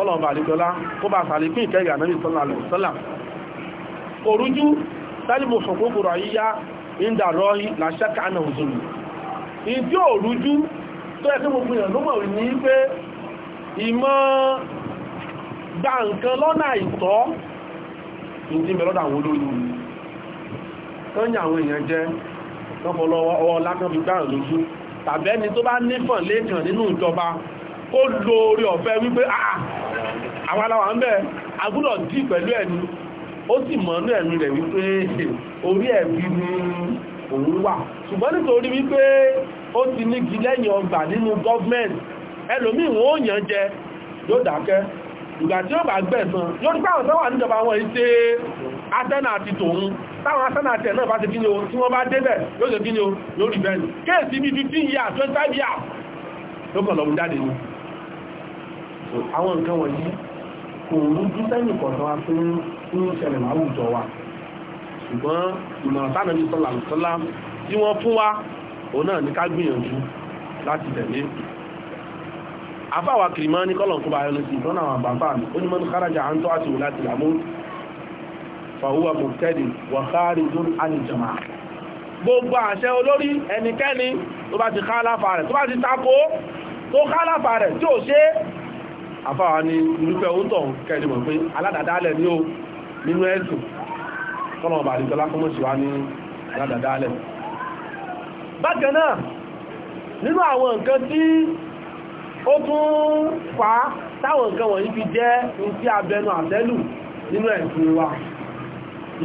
ọlọ́ọ̀bà àlejọ́lá kó bá sàlékún ìkẹ́gà náà sallallahu alaihi wasallam orújú tálìbò ṣọ̀kókòrò àyíyá ń dàrọ́ làṣẹ́kà ànà òzòrò ìdí orújú tó ẹ̀kẹ́ gbogbo èèyàn ló mọ̀ ní pé ìmọ̀ gba nǹkan lọ́nà ìtọ́ ìdí mẹ́lọ́dà àwọn olóyìn tọ́nyà àwọn èèyàn jẹ́ lọ́pọ̀lọpọ̀ ọwọ́ lákan fi gbáyàn lójú tàbẹ́ni tó bá nífàn lẹ́kàn nínú ìjọba ó lo orí ọ̀fẹ́ wípé ah, àwọn ń bẹ́ agbúrò dí pẹ̀lú ẹni ó sì mọ̀ ní rẹ̀ wípé orí ẹ̀bí ni òun wà ṣùgbọ́n nítorí wípé ó ti nígi lẹ́yìn ọgbà nínú gọ́ọ̀mẹ́ntì ẹlòmíì wọn ò yàn jẹ yóò dákẹ́ ìgbà tí ó bá yóò àwọn níjọba wọn yìí ṣe asẹ́nà àti tòun táwọn asẹ́nà àti ẹ̀ náà bá ti kí ni o tí wọ́n bá débẹ̀ yóò àwọn nǹkan wọ̀nyí kò rújú sẹ́yìn kọ̀ọ̀kan wa fún ń ṣẹlẹ̀ láwùjọ wa ṣùgbọ́n ìmọ̀ràn táwọn ẹni sọ́là sọ́lá tí wọ́n fún wa òun náà ní ká gbìyànjú láti tẹ̀lé afáwa kìrìmọ́ ní kọ́lọ̀ kó ba ayọ́ lọ sí ìtọ́nà àwọn àbáfà mi ó ní mọ́nú kárájà à ń tọ́ àti wò láti làmú fàwúwà mọ̀tẹ́dì wà káàrí lórí ànìjọmà gbogbo àṣẹ olórí ẹnikẹ́ni tó bá ti ká láfà rẹ̀ tó bá ti takò tó ká láfà rẹ̀ tí ò ṣe é àfáà ni irúfẹ́ oúntọ̀ kẹ́lẹ̀ mọ̀ pé aládàdálẹ̀ ní o nínú ẹ̀sùn kọ́nà ọba àdìsọ́lá kọ́mọ̀ sí wá ní aládàdálẹ̀ bákan náà nínú àwọn nǹkan tí ó tún fà á táwọn nǹkan wọ̀nyí fi jẹ́ tí abẹnu àtẹ́lù nínú ẹ̀sùn wa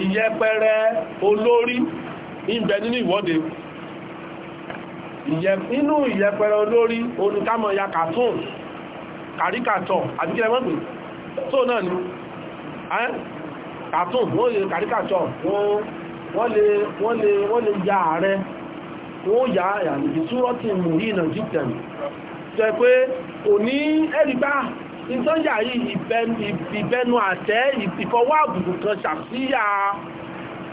ìyẹpẹrẹ olórí ìbẹ nínú ìwọ́de inú ìyẹpẹrẹ olórí olùkámọ̀ ya cartoons kàríkàtọ̀ àti kí ẹmọ́ pè tó náà ni kàtún wọ́n lè kàríkàtọ̀ wọ́n lè wọ́n lè ya ààrẹ wọ́n yà àyàmìdì túrọ́tì mú yìí nà jíktẹ̀mì jẹ́ pé kò ní ẹ̀rígbá ìtọ́jà yìí ìbẹnu àtẹ́ ìfọwọ́ àbùkù kan ṣàfíyà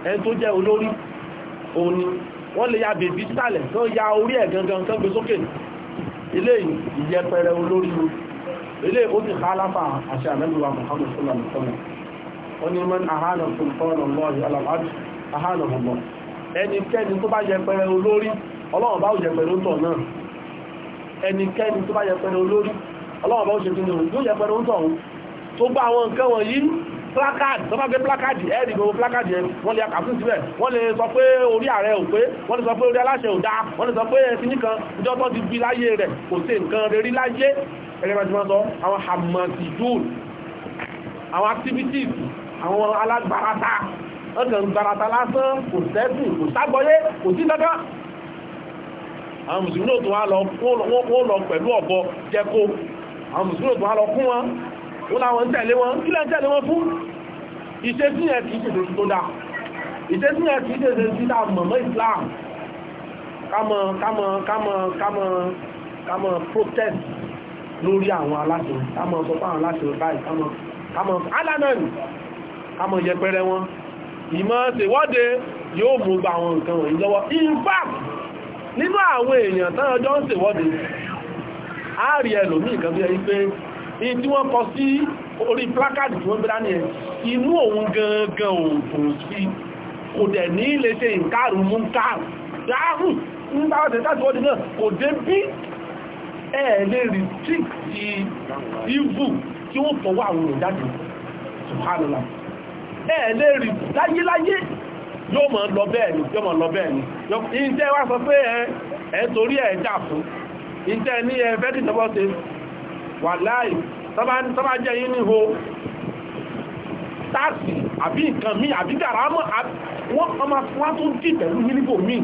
ẹni tó jẹ́ olórí òní wọ́n lè ya bèbí sálẹ̀ tó ya orí ẹ̀ gangan tó gbé sókè ilé ìyẹpẹrẹ olórí ilé ó ti kálàfà àṣẹ àmẹ́lúwà Muhammad sallallahu alaihi wasallam ó ní mọ́ àhánà sultana lọ́ọ̀rì alàbájú àhánà ọmọ ẹnikẹ́ni tó bá yẹpẹrẹ olórí ọlọ́run bá yẹpẹrẹ ó tọ̀ náà ẹnikẹ́ni tó bá yẹpẹrẹ olórí ọlọ́run bá ó ṣe kí ni yóò yẹpẹrẹ ó tọ̀ tó gba àwọn nǹkan wọ̀nyí placard tó bá gbé placard ẹ̀rì gbogbo placard yẹn wọ́n lè àkàfún síbẹ̀ wọ́n lè ẹgbẹ́gbẹ́sọ́ àwọn hamadidun àwọn activities àwọn alágbàrátà ọkàn gbàrátà lásán kò sẹ́sìn kò ságbọ́yé kò sí dágá àwọn mùsùlùmí náà tó wá lọ kó lọ pẹ̀lú ọ̀bọ jẹ́kó àwọn mùsùlùmí náà tó wá lọ kún wọn ó láwọn tẹ̀lé wọn kí lẹ́ tẹ̀lé wọn fún iṣẹ́ sí ẹ̀ kìí ṣèṣe tó dáa iṣẹ́ sí ẹ̀ kìí ṣèṣe sí dáa mọ̀mọ́ Islam kámọ kámọ kámọ kámọ kámọ protest lórí àwọn aláṣẹ kámọ̀ sọ fáwọn aláṣẹ báyìí kámọ̀ alanani kámọ̀ yẹpẹrẹ wọn ìmọ̀ ṣèwọ́de yóò mú gba àwọn nǹkan wọ̀nyí lọ́wọ́ in nínú àwọn èèyàn tán ń ṣèwọ́de ààrí ẹlòmíì kan hmm, bí ẹ̀ẹ̀lẹ́ restrict ti evil tí ó tọwọ́ àwọn òjáde ṣùgbọ́nlá ẹ̀ẹ̀lẹ́ rí láyéláyé yóò mọ̀ lọ bẹ́ẹ̀ ni yóò mọ̀ lọ bẹ́ẹ̀ ni ìjẹ́ wá sọ pé ẹ torí ẹ̀ jà fún ìjẹ́ ní ẹ fẹ́ dìtọ́bọ́ ṣe wà láì tọ́bá jẹ́ yín ní ho táàsì àbí nǹkan míì àbí gàrámọ̀ wọ́n ọmọ fún wá tó dì pẹ̀lú yín níbò míì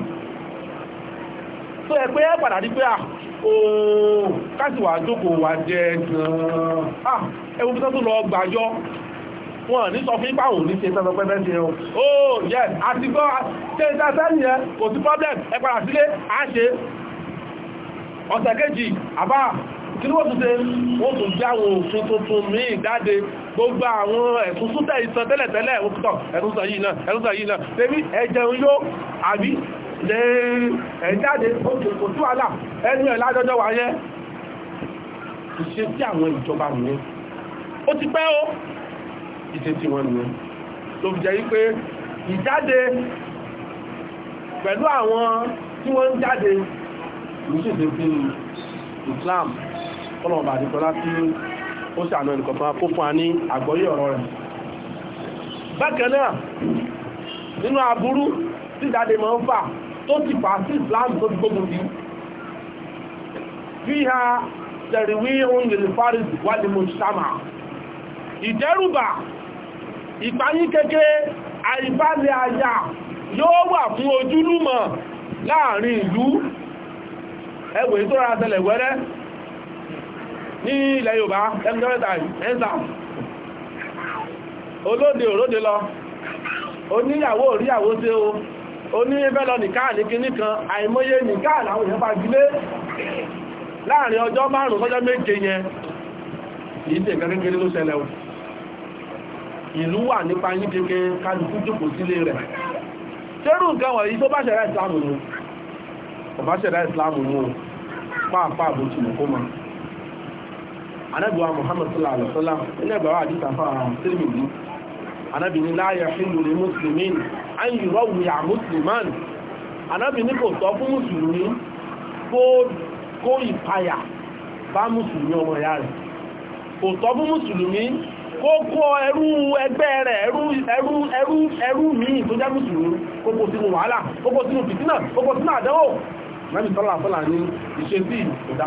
tó ẹ pé ẹ padà rí pé à ah, ooo káàsì wà jókòó wà jẹ gan-an ẹwọ́n ah, fi tó lọ gbàjọ́ wọn ní sọ fún ipa òun ní ṣe tọ́tọ́ pẹ́pẹ́ ṣe o ooo yẹ àti gbọ́ ṣe ń tẹ́tẹ́ nìyẹn kò sí problem ẹ padà sílé à ń ṣe ọ̀sẹ̀ kejì àbá kí ni wọ́n tún ṣe wọ́n tún gbé àwọn òfin tuntun míì jáde gbogbo àwọn ẹ̀tún sútẹ̀ ìsan tẹ́lẹ̀tẹ́lẹ̀ òkútọ̀ ẹ̀tún sọ yìí náà ẹ̀tún sọ yìí náà tẹ́bí ẹ̀jẹun yóò àbí lè ẹ̀jáde kò tó àlà ẹnu ẹ̀ lájọjọ́ wà yẹ́ ìṣe tí àwọn ìjọba nìyẹn ó ti pẹ́ ó ìṣe tí wọ́n nìyẹn tó fi jẹ́ wípé ìjáde pẹ̀lú àwọn tí wọ́n ń jáde ìṣèṣe fi Islam ọlọ́ọ̀bà àdìkọ́lá tí ó sàánà nìkọ̀kan kó fún a ní àgbọ́yé ọ̀rọ̀ rẹ̀ bákan náà nínú aburú tí jáde máa ń fà tó ti fà sí islam tó ti gbogbo bí fi ha tẹ̀rìwí oúnjẹ lè faris wà ní mọ̀ṣámà ìdẹ́rùbà ìpáyín kékeré àìbálẹ̀ àyà yóò wà fún ojúlùmọ̀ láàrin ìlú ẹwẹ̀ tó rárá tẹ́lẹ̀ wẹ́rẹ́ ní ilẹ̀ Yorùbá ẹgbẹ̀rẹ́ta ẹ̀ẹ́sà olóde òróde lọ oníyàwó oríyàwó tí ó oní ihe nìkáà ní kíní kan àìmọye nìkáà láwọn èèyàn bá gílé láàrin ọjọ́ márùn-ún sọ́jọ́ méje yẹn ìdè gẹ́gẹ́gẹ́ ló ṣẹlẹ̀ o ìlú wà nípa yí kéèké sílé rẹ̀ tẹ́rù nǹkan wọ̀nyí tó bá mú bá anẹ́gbẹ̀wà muhammadu sallallahu alaihi wasallam anábìnrin láyẹ̀ hìlù ní mùsùlùmí an yìí rọ́wù yà mùsùlùmán anábìnrin kò tọ́ fún mùsùlùmí kó ìpayà bá mùsùlùmí ọmọ ìyá rẹ̀ kò tọ́ fún mùsùlùmí kó kó ẹrú ẹgbẹ́ rẹ̀ ẹrú míì tó jẹ́ mùsùlùmí kó kó sínú wàhálà kó kó sínú fìtínà kó kó sínú àdánwò mẹ́bí tọ́lá tọ́lá ní ìṣesí kódà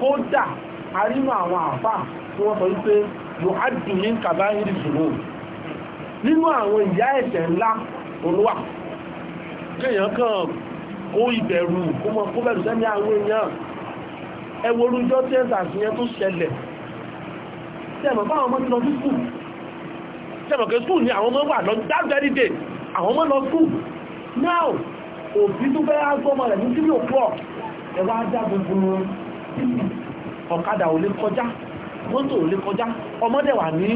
kódà a rí àwọn àfáà tí wọ́n sọ wípé yóò hajjú ní kàbá ìrì ṣùgbọ́ nínú àwọn ìyá ẹ̀ṣẹ̀ ńlá olúwà kéèyàn kan kó ìbẹ̀rù kó mọ kó bẹ̀rù sẹ́ni àwọn èèyàn ẹwọ orújọ́ tí ẹ̀sà sí yẹn tó ṣẹlẹ̀ tẹ́mọ̀ bá àwọn ọmọ lọ sí skul tẹ́mọ̀ kẹ́ skul ni àwọn ọmọ wà lọ that very day àwọn ọmọ lọ skul now òbí tó fẹ́ agbọ́mọ rẹ̀ ní 3 o'clock ẹwà ajá gbogbo ọ̀kadà ò lè kọjá mọ́tò lè kọjá ọmọdé wà ní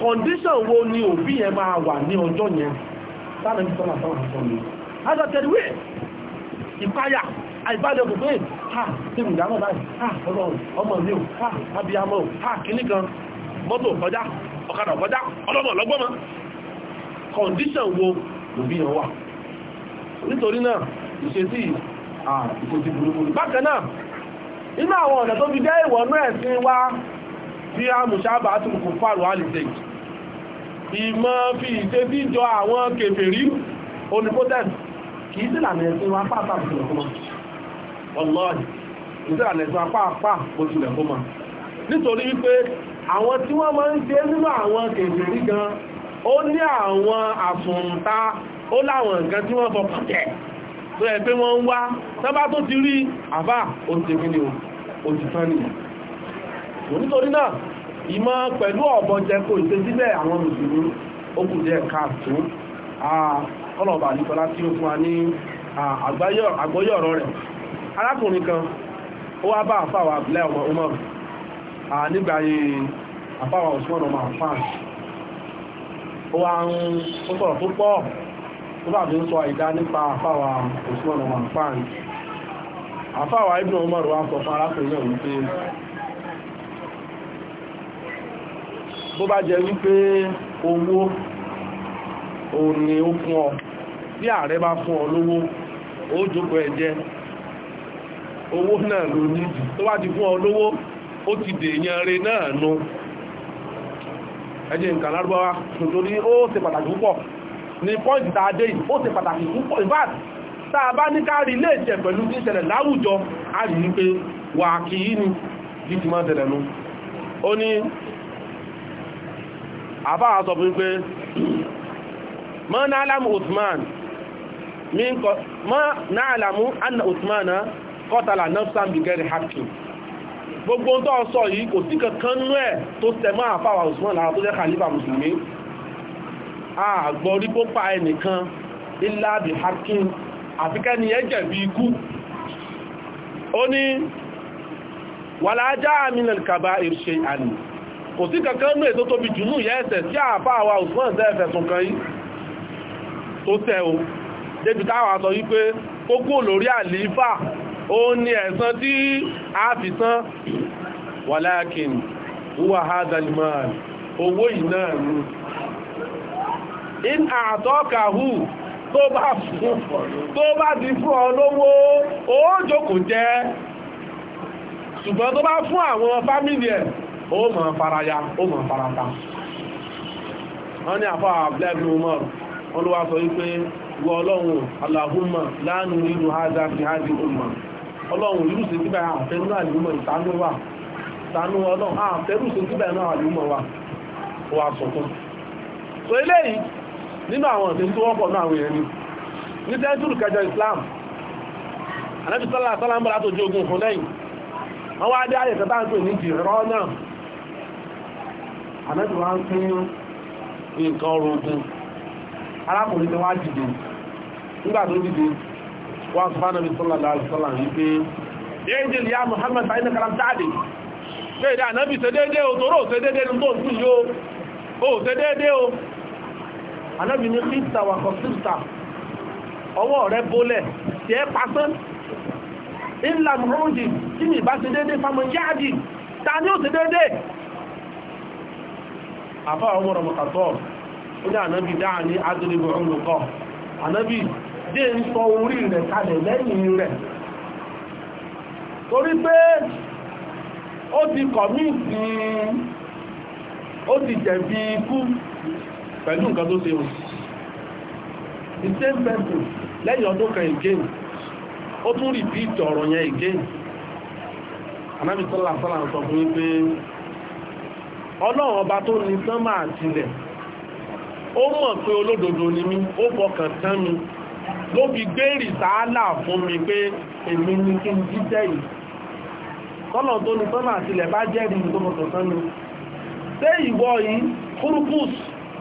kọ̀ndíṣàn wo ni òbí yẹn máa wà ní ọjọ́ yẹn sáà ní sọ́nà sọ́nà sọ́nà hasa tẹ̀lúwé ìpáyà àìbálẹ̀ òkùnkùn èdè ha tí ìdámọ̀ báyìí ha ọlọ́run ọmọ mi ha abiyamọ ha kìíní kan mọ́tò kọjá ọ̀kadà kọjá ọlọ́mọ lọ́gbọ́mọ kọ̀ndíṣàn wo lòbí yẹn wà nítorí náà ìṣesí ìṣesí inú àwọn ọ̀nà tó fi jẹ́ ìwọ̀nú ẹ̀sìn wá tí a mú sábà tún kò fàrò alìsèjì ìmọ̀ fi ìṣe bí jọ àwọn kèfèrí onípótẹ́t kìí sí lànà ẹ̀sìn wá pàápàá bó tilẹ̀ kó mọ́ ọlọ́ọ̀dì kìí sí lànà ẹ̀sìn wá pàápàá bó tilẹ̀ kó mọ́ nítorí wípé àwọn tí wọ́n máa ń ṣe nínú àwọn kèfèrí gan ó ní àwọn àsùnta ó láwọn nǹkan tí wọ́n fọkàn tẹ̀ tó ẹ̀ pé wọ́n ń wá tábá tó ti rí àbá òtìtẹ̀kí ni òtìtán ni nítorí náà ìmọ̀ pẹ̀lú ọ̀bọ̀ jẹko ìtẹ́sílẹ̀ àwọn mùsùlùmí okùn jẹ́ káàtó ọlọ́ọ̀bà nìkọlá tí ó fún wa ní àgbọ́yọ̀ ọ̀rọ̀ rẹ̀ arákùnrin kan ó wá bá àfáwà abúlẹ̀ ọmọ ọmọ nígbàyé àfáwà òṣùwọ̀n ọmọ àfáà ó wá ń sọ̀rọ̀ tó pọ̀ nígbàtí ń sọ àìdá nípa àfáwà òṣùwọ̀n ọmọ àfáàrí àfáwà ibùn ọmọ rọ̀ wọ́n sọ fún arákùnrin náà wípé bó bá jẹ wípé owó òní ó fún ọ bí ààrẹ bá fún ọ lówó ó jókòó ẹjẹ owó náà ló ní tó bá ti fún ọ lówó ó ti dèèyàn rẹ náà nu ẹjẹ nǹkan lárúbáwá nítorí ó ṣe pàtàkì púpọ̀ ní pọ́ǹtì tàà dé ó ṣe pàtàkì púpọ̀ ìbáà tàà bá ní káàrí ilé ìṣẹ̀ pẹ̀lú tí ìṣẹ̀lẹ̀ láwùjọ a rí ní pé wà kì í ni bí ti máa tẹ̀lẹ̀ nú ó ní àbáwà sọ fún pé mọ́ náàlámù Uthman mọ́ náàlámù anna Uthman kọ́tàlà nafsan bigẹ́rì hakim gbogbo tó sọ yìí kò àgbọ̀rí kó pa ẹnìkan iláàbì hakim àfikẹ́ni ẹjẹ̀ bí ikú ó ní wàlá ajá àmìnà kàbá ìrṣe àní kò sí kankan ní ètò tóbi jùlú yẹ́ ẹ̀sẹ̀ sí àpá àwà òsùnmọ́ ẹ̀fẹ̀sùn kan yìí tó tẹ́ o débi táwà in àtọ́kàhù tó bá fún tó bá ti fún ọ lówó ó jẹ́ ṣùgbọ́n tó bá fún àwọn fámílì ẹ̀ ó mọ̀ faraya ó mọ̀ farata wọ́n ní àfọ́ àbúlẹ́bìn umar olúwa sọ wípé wọ ọlọ́run aláhùnmà láàánú nínú hajjá fi haji umar ọlọ́run ìlú sí tíbẹ̀ àfẹ́nú ìtànú wà ìtànú ọlọ́run àfẹ́rù sí náà àlùmọ̀ wà wà sọ̀tún so eléyìí nínú àwọn ọ̀sẹ̀ tó wọ́pọ̀ náà àwọn èèyàn ní sẹ́ńtúrù kẹjọ Islam anábi sọ́lá sọ́lá ń bọ́lá tó jogun fún lẹ́yìn wọ́n wá dé àyẹ̀kẹ́ bá ń pè ní jìrọ́ náà anábi wá ń pín nǹkan ọrọ̀gùn arákùnrin tó wá dìde nígbà tó dìde wọ́n sọ fánàbí sọ́lá sọ́lá ń Muhammad pé ìdá o tó Anabi ní kíta wà kọ̀síta ọwọ́ rẹ bólẹ̀ tí ẹ pàṣán ìlà mọ́rúndì tí ní ìbá ṣe dédé fámọ́ yáàdì ta ní ó ṣe dédé àfá ọmọ rọmọkàtọ́ ó onye anábì dáa ní adúlébù olùkọ́ anábì dé ń sọ orí rẹ̀ kalẹ̀ lẹ́yìn rẹ̀ torí pé ó ti kọ̀mí ó ti jẹ̀bi ikú pẹ̀lú nǹkan tó se wọn the same person lẹ́yìn ọdún kan again ó tún repeat ọ̀rọ̀ yẹn again anábì sọ́lá sọ́lá sọ fún yí pé ọlọ́run ọba tó ní sánmà àtìlẹ̀ ó mọ̀ pé olódodo ni mí ó fọkàn tán mi ló fi gbé rìsáálà fún mi pé èmi ni kí n jíṣẹ́ yìí kọ́lọ̀ tó ní sánmà àtìlẹ̀ bá jẹ́rìí tó fọkàn tán mi ṣé ìwọ yìí kúrúkúsù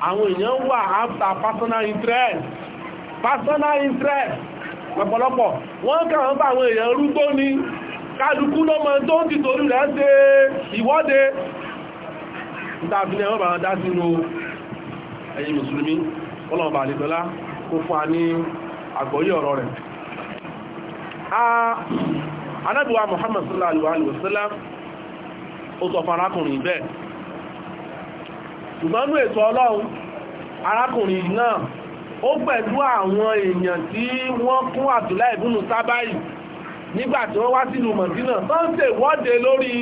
àwọn èèyàn wà after personal interest personal interest ọ̀pọ̀lọpọ̀ wọ́n kàn bá àwọn èèyàn rúgbó ni kálukú ló tó ń ti torí rẹ̀ ṣe ìwọ́de ìtàbílẹ̀ wọ́n bá dá sínú ẹ̀yin mùsùlùmí ọlọ́ọ̀bà kó fún a ní àgbọ́yé ọ̀rọ̀ rẹ̀ anábíwá sallallahu alaihi wasallam ó sọ bẹ́ẹ̀ ṣùgbọ́nú ètò ọlọ́run arákùnrin náà ó pẹ̀lú àwọn èèyàn tí wọ́n kún àtúlá ìbúnú sábáyì nígbà tí wọ́n wá sínú mọ̀dínà tó ń ṣe ìwọ́de lórí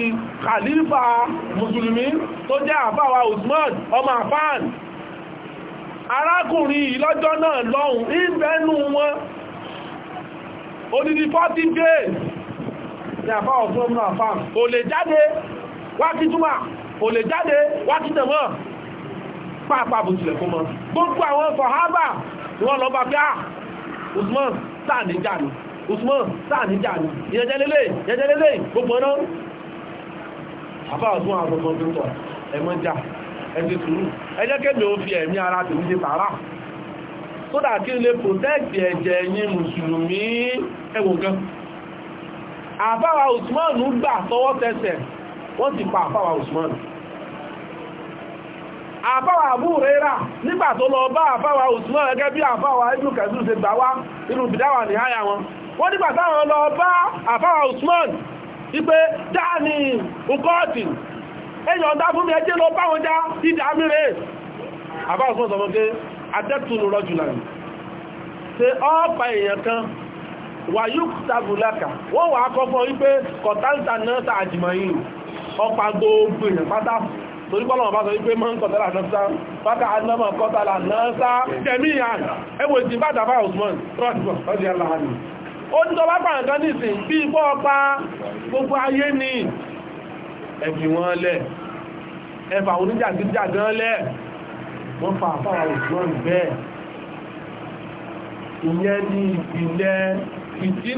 khalifa mùsùlùmí tó jẹ́ àfáwà Usman ọmọ afán arákùnrin yìí lọ́jọ́ náà lọ́hùn ìbẹ́nu wọn odidi 40 days ni àfáwà Usman ọmọ afán kò lè jáde wákìtúmà kò lè jáde wákìtẹ̀mọ́ pàápàá bó tilẹ̀ fún mọ́ gbogbo àwọn sọ̀hábà wọ́n lọ bá bí i ah, Usman sáà ní jà ní Usman sáà ní jà ní ìyẹjẹ́lélé ìyẹjẹ́lélé gbogbo ọ̀nà àbá ọ̀tún àwọn ọmọ tó tọ̀ ẹ̀mọ́ jà ẹ̀jẹ̀ sùúrù ẹjẹ́ kémi ó fi ẹ̀mí ara tèmi ṣe tààrà so that kí n lè protect ẹ̀jẹ̀ yín mùsùlùmí ẹwò gan àbáwa Usman gbà tọwọ́ tẹsẹ̀ wọ́n ti pa àbáwa Usman àfáwà Abu Huraira nígbà tó lọ bá àfáwà Usman gẹ́gẹ́ bí àfáwà ibn kẹsùn ṣe gbà wá inú ní àyà wọn wọ́n nígbà táwọn lọ bá àfáwà Usman ipé dáàni ukọ́ọ̀tì ẹ̀yọ̀ ọ̀dá fún mi ẹjẹ́ lọ bá wọn já ìdá mìíràn àbá Usman torí pọ́lọ̀ bá sọ wípé mọ́ ń kọ̀tàlá náà fákà annámà kọ̀tàlá náà sá tẹ̀mí ìyàn ẹwọ̀ ìsìn bá dàbà Usman rọ́dì aláhàní ó ní tọ́lá pàrọ̀ kan ní ìsìn bí ipọ́ ọpa gbogbo ayé ni ẹ̀fì wọn lẹ̀ ẹfà oníjà ti jà dán lẹ̀ wọ́n fa àfáà Usman bẹ́ẹ̀ ìyẹn ní àti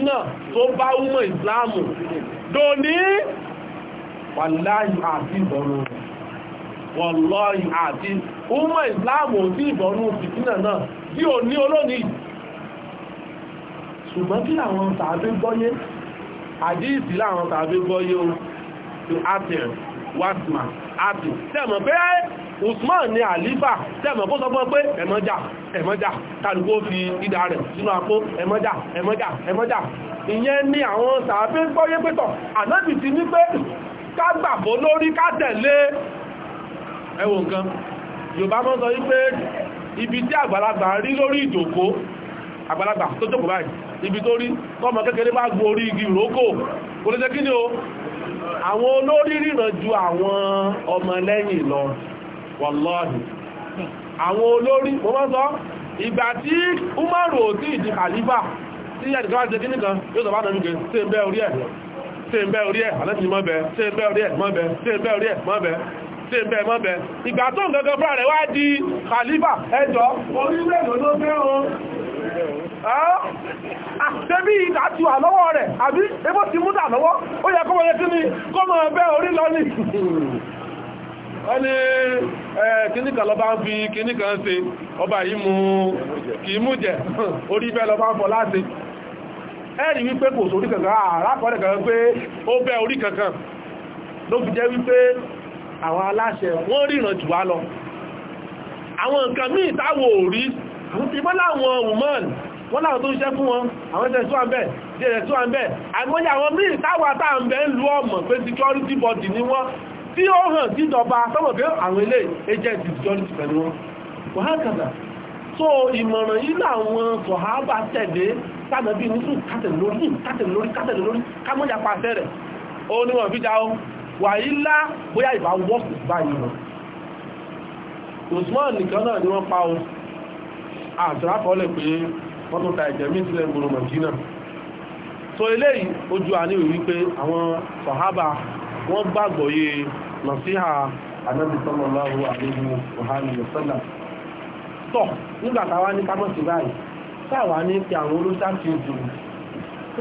ìbọ̀rọ̀ wọ̀lọ́yì àti ọmọ ìsìláàmù tí ìbọnú fìtínà náà bí o ní olónìí ṣùgbọ́n kí àwọn tàbí gbọ́yé àdíìsì láwọn tàbí gbọ́yé o to atin wasma ati. tẹ́mọ̀ pé Usman ni àlífà tẹ́mọ̀ kó sọ pé ẹ̀mọ́jà ẹ̀mọ́jà tàbíkó fi ìdá rẹ̀ sínú àpò ẹ̀mọ́jà ẹ̀mọ́jà ẹ̀mọ́jà ìyẹn ni àwọn tàbí gbọ́yé pẹ́tọ̀ ànábì ti ní pé ká gbàgbọ́ lórí ká tẹ̀lé ẹwọ nǹkan Yorùbá mọ́ sọ wípé ibi tí àgbàlagbà rí lórí ìjòkó àgbàlagbà tó jókòó báyìí ibi tó rí tọ́mọ kékeré bá gbọ́ orí igi ìrókò oníṣẹ́ kí ni o àwọn olórí ríran ju àwọn ọmọ lẹ́yìn lọ wọ́lọ́ọ̀dù àwọn olórí mo mọ́ sọ ìgbà tí Umaru tí ìdí kàlífà tí ẹnìkan ṣe kí nìkan yóò sọ bá nàbí kẹ tí ń bẹ́ orí ẹ̀ tí ń bẹ́ orí ẹ̀ alẹ́ ṣe bẹ́ẹ̀ mọ́ bẹ́ẹ̀ ìgbà tó ń gangan fúnra rẹ̀ wá di khalifa ẹjọ́ orílẹ̀ èdè ló fẹ́ o àtẹ́bí ìdá ti wà lọ́wọ́ rẹ̀ àbí ẹ̀rì wípé kò sórí kankan àrákọ̀ọ́rẹ̀ kankan pé ó bẹ́ orí kankan ló fi jẹ́ wípé àwọn aláṣẹ wọ́n ríran jù wá lọ àwọn nǹkan míì táwò rí ìbọn láwọn woman wọ́n láwọn tó ń ṣẹ́ fún wọn àwọn tẹ̀sí wà ń bẹ̀ jẹ́rẹ̀ tí wà ń bẹ̀ àìmọ́jà àwọn míì táwà táà ń bẹ̀ ń lu ọmọ pé security body ni wọ́n tí ó hàn sí ìjọba sọ́mọ̀ pé àwọn ilé agent security pẹ̀lú wọn kò hàn kàdà so ìmọ̀ràn yìí làwọn sọ̀hábà tẹ̀lé sábẹ̀ bíi nísùn kátẹ̀ lórí kátẹ̀ lórí kátẹ̀ lórí kámọ́jà pàṣẹ rẹ̀ ó ní wọn fi já ó wà ilá bóyá ìbá wọ́pù báyìí lọ Usman nìkan náà ni wọ́n pa o àtìrákọọ́lẹ̀ pé wọ́n tó ta ẹ̀jẹ̀ mí sílẹ̀ gbòrò Mọ̀dínà so eléyìí ojú àníwì wípé àwọn sàhábà wọ́n gbàgbọ́ yé nàṣíhà Ànábì sallallahu alaihi wa sallam tọ̀ nígbà táwa ní kámọ́sí báyìí sáàwà ní pé àwọn olóṣàkíyèsí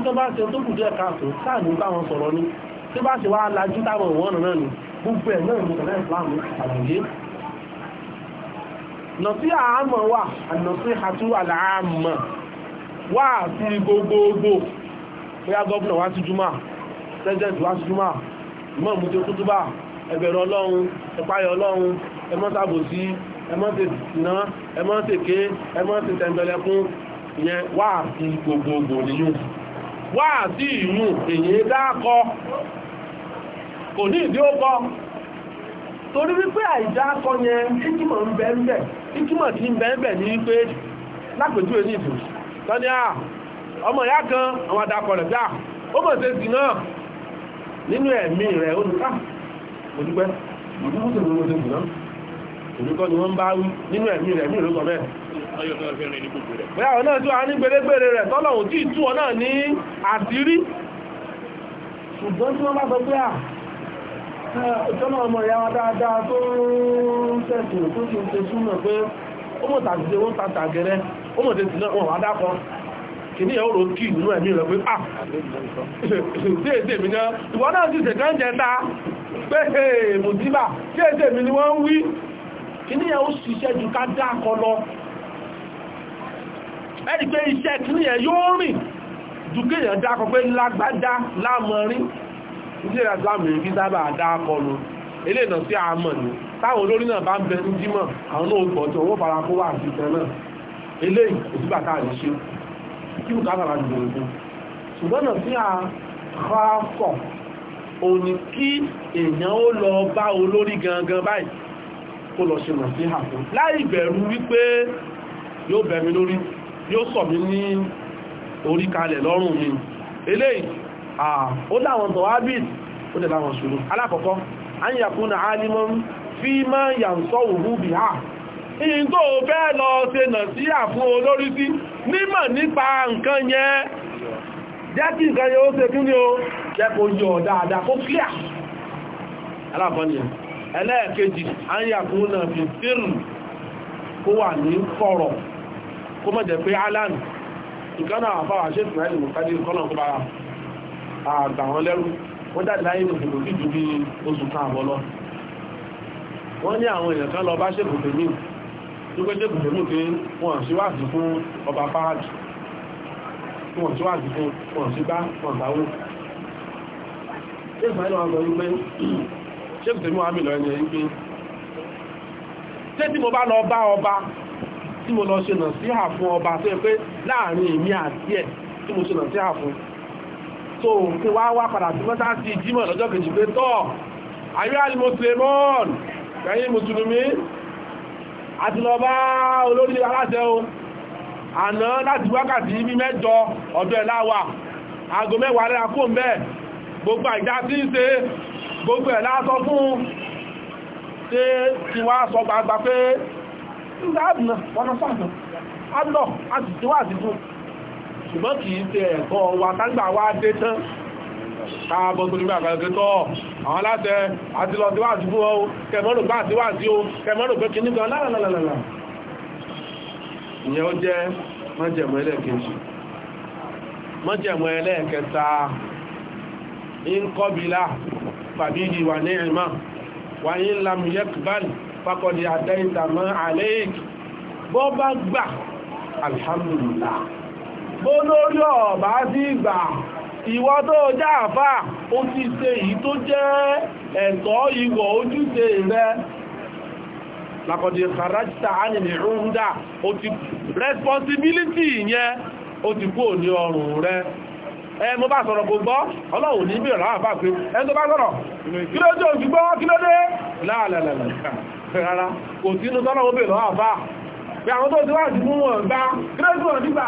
tó bá ṣe tó kù díẹ̀ káàtó sáà ní bá wọn sọ̀rọ̀ ní tí bá ṣe wá lajú táwọn ìwọ̀n náà ni gbogbo ẹ̀ náà ní ọ̀nà ìsìláàmù àlàyé nọ̀tí àámọ̀ wà ànọ̀tí àtú àlàámọ̀ wà sí gbogbogbò bóyá gọ́ọ̀nà wá sí júmà president wá sí júmà ìmọ̀ mú tí èyí dákọ́ kò ní ìdí ó kọ́ torí wípé àìjá akọ yẹn ìkímọ̀ ń bẹ́ẹ̀bẹ̀ ìkímọ̀ tí ń bẹ́ẹ̀bẹ̀ ní wípé lápèjúwe ní ìdù tọ́ni à ọmọ ìyá kan àwọn adakọ̀ rẹ̀ gbà ó mọ̀ sí sí náà nínú ẹ̀mí rẹ̀ ó ní ká òdúpẹ́ òdúpẹ́ òdúpẹ́ òdúpẹ́ ni ìtọ́nà ọmọ ìyá wa dáadáa tó ń tẹ̀sùn tó ṣe ṣe súnmọ̀ pé ó mọ̀ tàbí ṣe wọ́n ta tàgẹ̀rẹ́ ó mọ̀ tẹ̀sùn náà wọ́n wá dákọ́ kìíní ẹ̀ ọ̀rọ̀ kí nínú ẹ̀mí rẹ̀ pé ah ṣe èdè mi náà ìwọ náà ti ṣẹ̀kẹ́ ìdí ìrìn àtìláàmù yìí sábà dáàkọlù ilé ìnà sí àmọ̀ ni táwọn olórí náà bá ń bẹ ní jímọ̀ àwọn náà gbọ́ tó owó fara kó wà sí ìtẹ́ náà ilé òsìgbà tá à lè ṣe kí bùkà bàbá dìbò ìbò ṣùgbọ́n náà sí àkọ́kọ̀ òní kí èèyàn ó lọ bá olórí gangan báyìí kó lọ ṣe mọ̀ sí àfún láì bẹ̀rù wípé yóò bẹ̀ mí lórí yóò sọ mí ní orí kalẹ̀ lọ́rùn mi eléyìí Ah, ó láwọn tọ̀wábìt ó dẹ̀ láwọn ṣòro alákọ̀ọ́kọ́ an yakuna aliman fi ma yàǹsọ́ òhú bì á in tó fẹ́ lọ ṣe nà sí àfún olórí sí nímọ̀ nípa nǹkan yẹn jẹ́ kí nǹkan yẹn ó ṣe kí ni ó jẹ́ kó yọ dáadáa kó clear alákọ̀ọ́nìyàn ẹlẹ́ẹ̀kejì an yakuna fi sírù kó wà ní kọ̀rọ̀ kó mọ̀ jẹ́ pé alan ìkánà àfáwà ṣe ìsìnkú ẹ̀lùmọ̀kadì kọ́nà bára àgbà wọn lẹ́rù wọ́n jáde láyé òṣèlú ní ju bí oṣù kan àbọ̀ lọ wọ́n ní àwọn èèyàn kan lọ bá ṣèbùtè mí tó pé ṣèbùtè mí pé wọ́n síwáàsì fún ọba fáàjì wọ́n síwáàsì fún wọ́n sí bá wọ́n gbáwó ṣèbùtè mí wà mí lọ ẹni ẹ̀yìn pé ṣé tí mo bá lọ bá ọba tí mo lọ ṣe nà sí àfún ọba tó yẹ pé láàrin èmi àti ẹ̀ tí mo ṣe nà sí àfún tó kí wá wá padà sí mọ́sá sí jímọ̀ lọ́jọ́ kejì pé tọ́ ayé alimuslemon ẹ̀yin mùsùlùmí àti lọ bá olórí aláṣẹ o àná láti wákàtí bí mẹ́jọ ọ̀dọ̀ ẹ̀ láwà aago mẹ́wàá rẹ̀ àkó mẹ́ gbogbo àìdá tí ń ṣe gbogbo ẹ̀ lásọ fún ṣe tí wá sọ gbàgbà pé ń gbà àbùnà wọ́n náà sáàtàn á lọ á sì tí wá sí ṣùgbọ́n kì í ṣe ẹ̀kọ́ wa tágbà wá dé tán káàbọ̀ tó nígbà kẹ́kẹ́ tọ́ àwọn aláṣẹ àti lọ síwá àdúgbò ọ kẹmọ́rò gbà síwá sí o kẹmọ́rò pé kí nígbà lálàlàlà ìyẹn ó jẹ́ mọ́jẹ̀mọ́ ẹlẹ́ẹ̀kejì mọ́jẹ̀mọ́ ẹlẹ́ẹ̀kẹta ìńkọ́bílà fàbíyì wà ní gbà alhamdulillah olórí ọ̀bá sí ìgbà ìwọ tó jáàfà ó ti ṣe èyí tó jẹ́ ẹ̀tọ́ ìwọ̀ ojúṣe rẹ lakọ̀dì kàrájítà ánìlè rúndà ó ti responsibility yẹn ó ti kú òní ọrùn rẹ ẹ mo bá sọ̀rọ̀ gbogbo ọlọ́run ní bí ọ̀rọ̀ àbá pé ẹ tó bá sọ̀rọ̀ kí ló jẹ́ òṣùgbọ́ kí ló dé láàlẹ̀lẹ̀lẹ̀ rárá kò sínú tọ́lọ́wọ́ bèèrè àbá pé àwọn tó ti wá sí fún wọn gbá kí ló sì wọ́n nígbà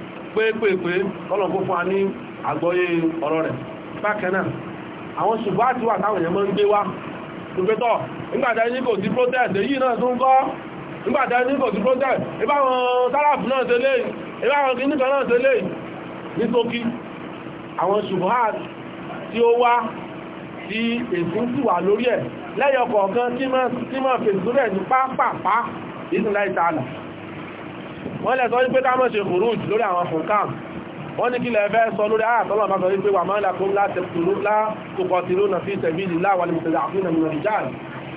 pépèpé ọlọ́pù fún a ní àgbọ́yé ọ̀rọ̀ rẹ̀ bákanáà àwọn ṣùgbọ́n àti wà táwọn èèyàn mọ́ ń gbé wá ṣùgbẹ́tọ̀ nígbàtà ní kò sí protest èyí náà tún kọ́ nígbàtà ní kò sí protest ìbáwọn sáràfù náà ṣe lè ìbáwọn kìnnìkan náà ṣe lè ní tókí àwọn ṣùgbọ́n tí ó wá tí èsùn sì wà lórí ẹ̀ lẹ́yọ kọ̀ọ̀kan tí máa fèsì rẹ̀ ní wọ́n lẹ̀ sọ wípé ká mọ̀ ṣe kùrùd lórí àwọn fùnkàm wọ́n ní kí lẹ fẹ́ sọ lórí àtọ́lọ̀ bá sọ wípé wà máa lakum la tuqatiluna fi sabilillahi wal mustada'afina min ar ní kámọ́ sí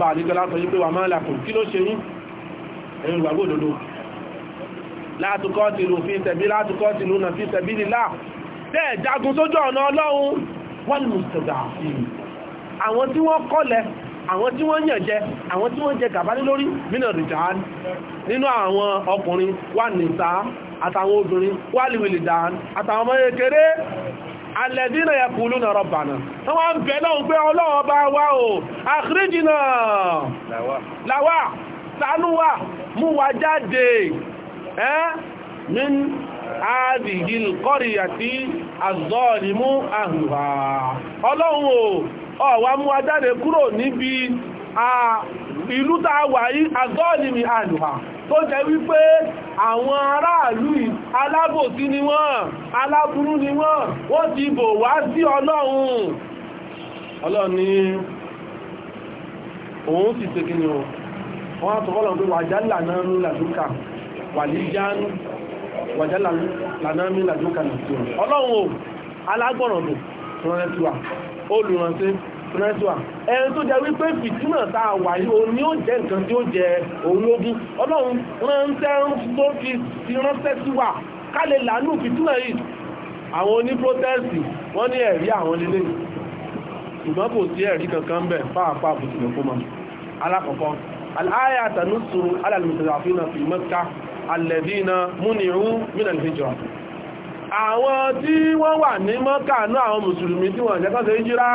bá àdíjọ látọ̀ yí pé wà máa làkùn kí ló ṣe yín ẹ̀yin olùgbàgbọ́ òdodo látukọ́ tìlú fi tẹ̀bí látukọ́ tìlú náà fi tẹ̀bí nílá bẹ́ẹ̀ jagun sójú ọ̀nà ọlọ́run wọ́n mú sọ̀dà àwọn tí wọ́n kọ́lẹ̀ àwọn tí wọ́n yàn jẹ àwọn tí wọ́n jẹ gàbálé lórí mínà rìjàn nínú àwọn ọkùnrin wà nìta àtàwọn obìnrin wà lìwìlì dàn àtàwọn ọmọ kékeré alẹ́dínà yẹ kúlú na rọ̀bànà wọ́n wá ń bẹ̀ lọ́hùn pé ọlọ́wọ́ bá wá o àkíríjì náà làwà ṣàánú wa mú wa jáde ẹ́ min ààrìhì kọ́rìyà tí àzọ́ọ̀lìmú àhùhà ọlọ́run o ọ̀wà mú wa jáde kúrò níbi ìlú tàwà yí àzọ́ọ̀lìmí àhùhà tó jẹ́ wípé àwọn aráàlú alábòsí ni wọ́n aláburú ni wọ́n wọ́n ti bò wá sí ọlọ́run ọlọ́run ni òun sì ṣe kí ni o wọ́n á tọ́kọ́ lọ́nà wàjálà náà ní làdúkà wàlíjánú wàjálà náà ní làdúkà nìtòrò ọlọ́run o alágbọ̀rọ̀dù ránẹ́tíwà olùránṣẹ́ ránẹ́tíwà ẹni tó jẹ wípé fìtínà tá a wà yìí òní ó jẹ nǹkan tí ó jẹ òun lógún ọlọ́run ránṣẹ́ tó fi ti ránṣẹ́ sí wa ká lè làánú fìtínà yìí àwọn oní protest wọ́n ní ẹ̀rí àwọn lílé ṣùgbọ́n kò sí ẹ̀rí kankan bẹ̀ fáàpáà bùtùlẹ̀kọ́ mọ́ alákọ̀ọ́kọ́ الآية تنص على المتضعفين في مكة الذين منعوا من الهجرة àwọn tí wọ́n wà ní mọ́kà náà àwọn mùsùlùmí tí wọ́n jẹ́kọ́ sí jíra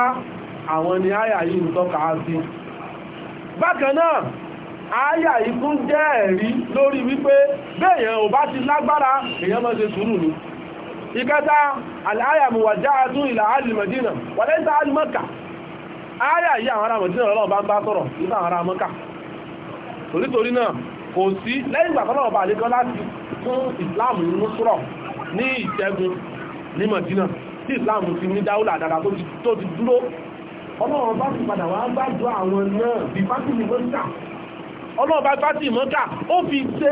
àwọn ni àyà yìí ń tọ́ka sí bákan náà àyà yìí kún jẹ́ ẹ̀rí lórí wípé bẹ́ẹ̀yàn ò bá ti lágbára èyàn mọ́ ṣe sùúrù ni ìkẹta àyà mọ́kà so nítorí náà kò sí lẹ́yìn ìgbà tọ́lọ̀ ọba àlejò láti fún Islam nínú sọ̀rọ̀ ní ìṣẹ́gun ní Madina tí Islam ti ní dáúlà dára tó ti dúró ọlọ́run bá ti padà wá gbájọ àwọn náà bí fásitì mọ́ta ọlọ́run bá fásitì mọ́ta ó fi ṣe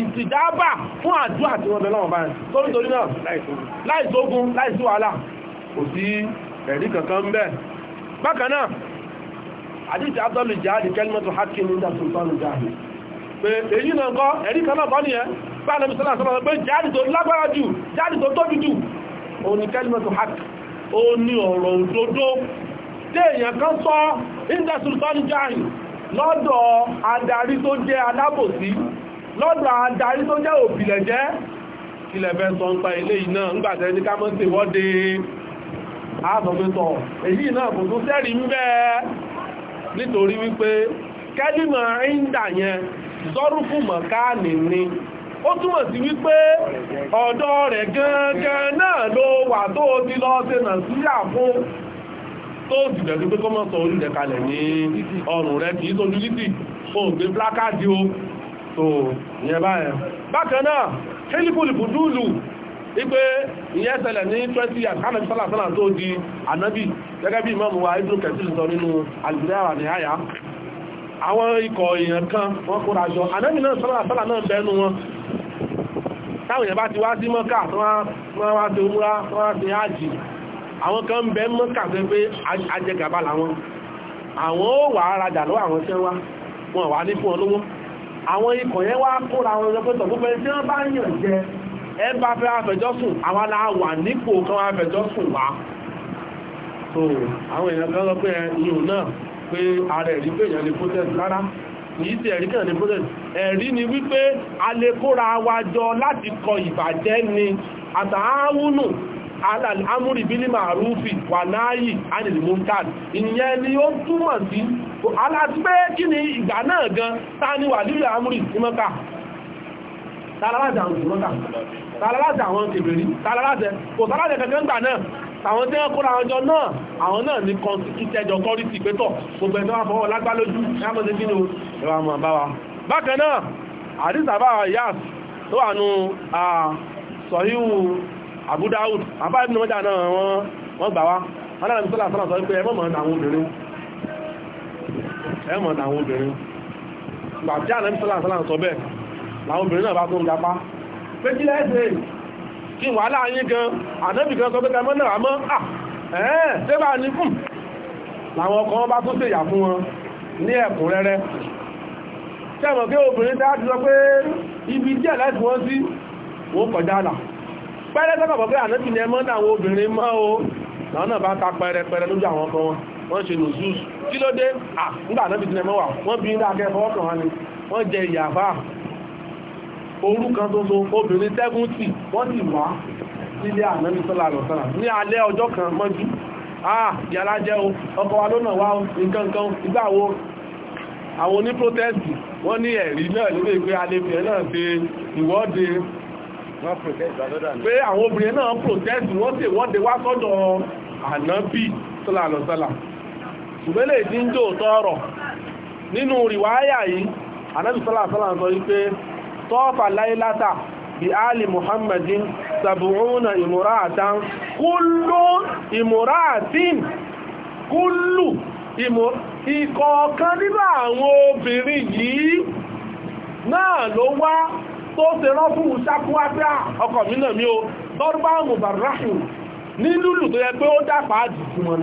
ìtìdábà fún àdúrà tí wọ́n bẹ̀rẹ̀ ọ̀bá rẹ̀ torí torí náà láìsógun láìsí wàhálà kò sí ẹ̀rí kankan ń àdíjì abdọ́lù jihadi kẹlmọ́tò hakim ní ìdàtúntọ́nù jihadi pé èyí náà kọ́ ẹ̀rí kan náà kọ́ ní ẹ pàdánù sọ́nà sọ́nà pé jihadi tó lágbára jù jihadi tó tóbi jù òun ni kẹlmọ́tò hakim ó ní ọ̀rọ̀ òdodo téèyàn kan sọ ìdàtúntọ́nù jihadi lọ́dọ̀ adarí tó jẹ́ alábòsí lọ́dọ̀ adarí tó jẹ́ òbílẹ̀ jẹ́ ilẹ̀fẹ́ sọ ń pa ilé iná ńgbàtẹ́ ní kámọ́ sí wọ́de ààbọ̀fẹ́tọ̀ èyí náà kò tún sẹ́rìí ń bẹ́ẹ̀ nítorí wípé kẹ́límọ̀ ríndà yẹn zọ́rùfù mọ̀káàní ni ó túmọ̀ sí wípé ọ̀dọ̀ rẹ̀ gangan náà ló wà tó ti lọ fún tó jùlẹ̀ tó pé sọ kalẹ̀ ní ọrùn rẹ̀ kìí sojú títì gbé o tó yẹn báyẹn bákan wípé ìyẹn ṣẹlẹ̀ ní twenty years kánàbí sálà sálà tó di ànábì gẹ́gẹ́ bí ìmọ̀mù wa ibùdó kẹsìlì sọ nínú àlùbíyà wà ní àyà àwọn ikọ̀ èèyàn kan wọ́n kóra jọ ànábì náà sálà sálà náà bẹ́nu wọn táwọn èèyàn bá ti wá sí mọ́kà wọ́n wá sí umra wọ́n wá sí ájì àwọn kan ń bẹ mọ́kà tó pé ajẹgàba làwọn àwọn ó wà arajà lọ́wọ́ àwọn tí wọ́n wà ní fún ọlọ́wọ́ àwọn ikọ̀ yẹn wá kóra wọn lọ pẹ́tọ̀ gbogbo ẹni tí wọ́n bá yàn jẹ ẹ bá fẹ́ afẹjọ́sùn àwọn aláwà nípò kan afẹjọ́sùn wá so àwọn èèyàn kan lọ pé ẹ̀yìn náà pé ààrẹ ẹ̀rí pé èèyàn lè protest rárá yìí tí ẹ̀rí kàn lè protest ẹ̀rí ni wípé a lè kóra wa jọ láti kọ ìbàjẹ́ ni àtàáwùnù aláàmúrì bílí màrúfì wà náàyì ánìlì mọ́ntàn ìyẹn ni ó túmọ̀ sí aláti pé kí ni ìgbà náà gan tá ní wà lílẹ̀ àmúrì sí mọ́ta tá aláàjà mọ́ta tààlàláṣẹ àwọn kèbèrè tààlàláṣẹ kò tààlàṣẹ kẹ̀kẹ́ ń gbà náà àwọn tí wọ́n kóra àwọn jọ náà àwọn náà ní constituted authority pétọ̀ gbogbo ẹ̀tọ́ wọn fọwọ́ lágbá lójú ṣáàmọ́sí kí ni ẹwà mọ̀ bá wa bákan náà àdìsàbà yas tó wà nù sọ̀híhù Abu Dawud àbá ibùdó mọ́jà náà wọ́n gbà wá wọ́n náà sọ́là sọ́là sọ pé ẹmọ́ mọ̀ àwọn obìnrin ẹmọ̀ àwọn obìnrin gbàjá náà sọ́là sọ́là sọ bẹ́ẹ̀ làwọn obìnrin náà bá tó ń gapá méjì lẹ́sẹ̀ kí wà láàrin gan ànábì gan sọ pé kẹmọ́ náà mọ́ ẹ̀ẹ́ tẹ́bà ní fún làwọn ọkọ̀ wọn bá tún ṣèyà fún wọn ní ẹ̀kúnrẹ́rẹ́ tẹ́mọ̀ pé obìnrin tá ti sọ pé ibi díẹ̀ láti wọ́n sí wọ́n kọjá là pẹ́rẹ́ sọ́kọ̀ pé ànábì ní ẹmọ́ náà obìnrin mọ́ o làwọn náà bá ta pẹrẹpẹrẹ lójú àwọn ọkọ̀ wọn wọ́n ṣe nùsùs kí ló dé à nígbà náà bí ti wà wọ́n bí ní akẹ́kọ̀ọ́ kan wọ́n jẹ ìyàfà orú kan tó so obìnrin sẹ́gúntì wọ́n sì wá sílé ànábì sọ́là lọ́sọ́là ní alẹ́ ọjọ́ kan mọ́jú ah yàrá jẹ́ o ọkọ wa lónà wá nǹkan kan ìgbà wo àwọn oní protest wọ́n ní ẹ̀rí náà lórí pé alẹ́fẹ́ náà ṣe ìwọ́de pé àwọn obìnrin náà protest wọ́n sì wọ́de wá sọ́dọ̀ ànábì sọ́là lọ́sọ́là ṣùgbẹ́lẹ̀ ìdíjò tọ́rọ̀ nínú rìwáyà yìí ànábì sọ́là sọ́là sọ wípé tọ́ọ̀fà láìláta bi áàlì muhammadin sàbùrúnà ìmúráàtán kúlù ìmúráàtín kúlù ìkọ̀ọ̀kan nínú àwọn obìnrin yìí náà ló wá tó ṣe rọ́fún sákúwápá ọkọ mi mi o bọ́rúbá ní lúlù tó yẹ pé ó dápa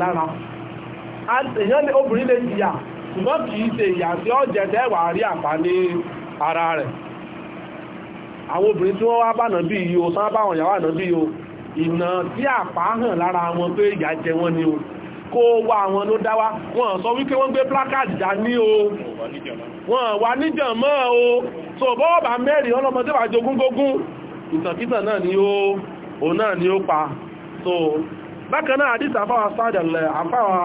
lára obìnrin lè jìyà ṣùgbọ́n kìí ṣe ìyà tí àwọn obìnrin tí wọ́n wá bá nàbí yìí o sábà wọn yàwó ànàbí yìí o ìnà tí àpá hàn lára wọn pé ìyà jẹ wọn ni o kó wá àwọn ló dáwà wọn sọ wípé wọ́n gbé plákàtì já ní o wọn wà níjàn mọ́ o tó bọ́wọ́ bá mẹ́rin ọlọ́mọdé wà jogún gógún ìtàkítàn náà ni ó òun náà ni ó pa so bákan náà àdìsí àfáwà sáàdàlẹ̀ àfáwà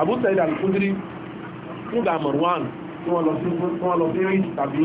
àbúsẹ̀dà kúndírí fún gàmọ̀rún tí lọ sí rí tàbí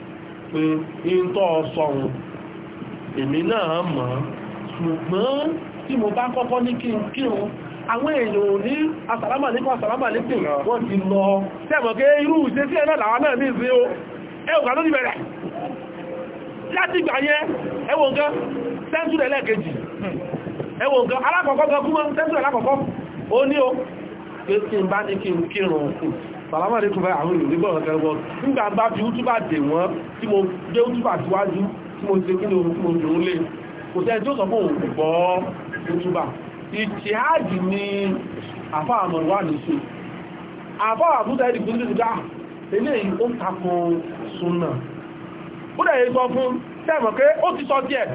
pé in tó sọ̀rùn náà mọ̀ ṣùgbọ́n tí mo bá kọ́kọ́ ní kí n kírun àwọn èèyàn ò ní asàlámàlékún asàlámàlékún wọ́n ti lọ tẹ́mọ̀ pé irú ìṣẹ́ sí ẹ̀nà náà ní o ẹ̀wọ̀n ló ti bẹ̀rẹ̀ láti ìgbà yẹn ẹwọ̀n nǹkan sẹ́ńtúrẹ̀ lẹ́ẹ̀kejì ẹwọ̀n nǹkan alákọ̀ọ́kọ́ gan o pé tí n bá ní kí sàlámà ní kúfẹ́ àwọn ìrìnlẹ́gbọ̀ ọ̀kẹ́gbọ́ nígbà bá fi útúbà dè wọ́n tí mo gbé útúbà síwájú tí mo ṣe kílò fún òjòun lè kò tẹ́ tí ó sọ fún ògbọ́ útúbà ìtìháàdì ni àfáàmọ̀ wà ní ṣe àfáà àbúta ẹ̀dì kúndì ti dá ilé yìí ó tako súnà ó dẹ̀ yìí sọ fún tẹ́mọ̀ pé ó ti sọ díẹ̀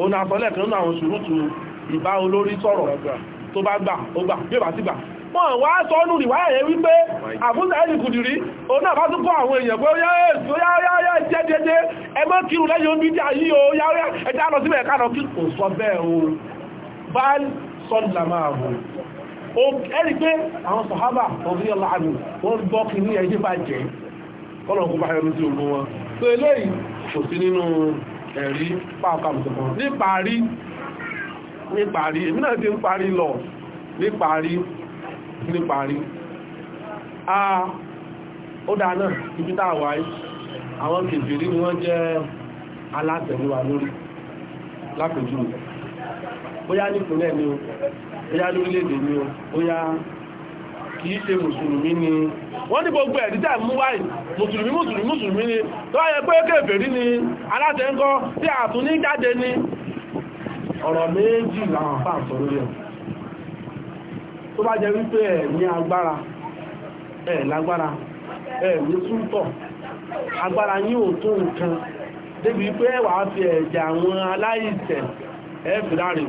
òun àsọlẹ̀ kan náà àwọn ṣùrùtù ìbá olórí sọ̀rọ̀ tó bá gbà ó gbà bí ó wọ́n wá sọ ọ́nù rí wáyà yẹ wípé àbúsà ẹ̀lì kùdìrí òun náà bá tún kọ́ àwọn èèyàn pé yáyáyá jẹ́jẹ́jẹ́ ẹmọ́ kírù lẹ́yìn omi jà yí o yáyá ẹjá lọ síbẹ̀ ẹ̀ká lọ kí kò sọ bẹ́ẹ̀ o bá sọ́dà máa bù ó ẹ̀rí pé àwọn sàhábà ọ̀gbìn ọ̀làdù wọ́n gbọ́ kí ní ẹjẹ́ bá jẹ́ kọ́lọ̀ kó bá yọrù sí ogun wọn pé eléyìí kò sí nínú ẹ̀rí pàákàmùsùn níparí níparí èmi náà ti ń parí lọ níparí níparí a ó dáa ibi tá a wà àwọn kèfèrí ni wọ́n jẹ́ alátẹ̀lúwa lórí lápèjú bóyá nípínlẹ̀ ni o bóyá lórílẹ̀-èdè ni o bóyá kìí ṣe mùsùlùmí ni wọ́n ní gbogbo ẹ̀dítà mú wáyìí mùsùlùmí mùsùlùmí mùsùlùmí ni tó wáyé pé kèfèrí ni alátẹ̀ńkọ́ tí àtún jáde ni ọ̀rọ̀ méjì làwọn àpá àtọ̀rọ̀ yẹn tó bá jẹ wípé ẹ̀ ní agbára ẹ̀ lágbára ẹ̀ ní túntọ̀ agbára ò tó nǹkan débi wípé fi ẹ̀jẹ̀ àwọn aláìsẹ̀ ẹ̀ láàrin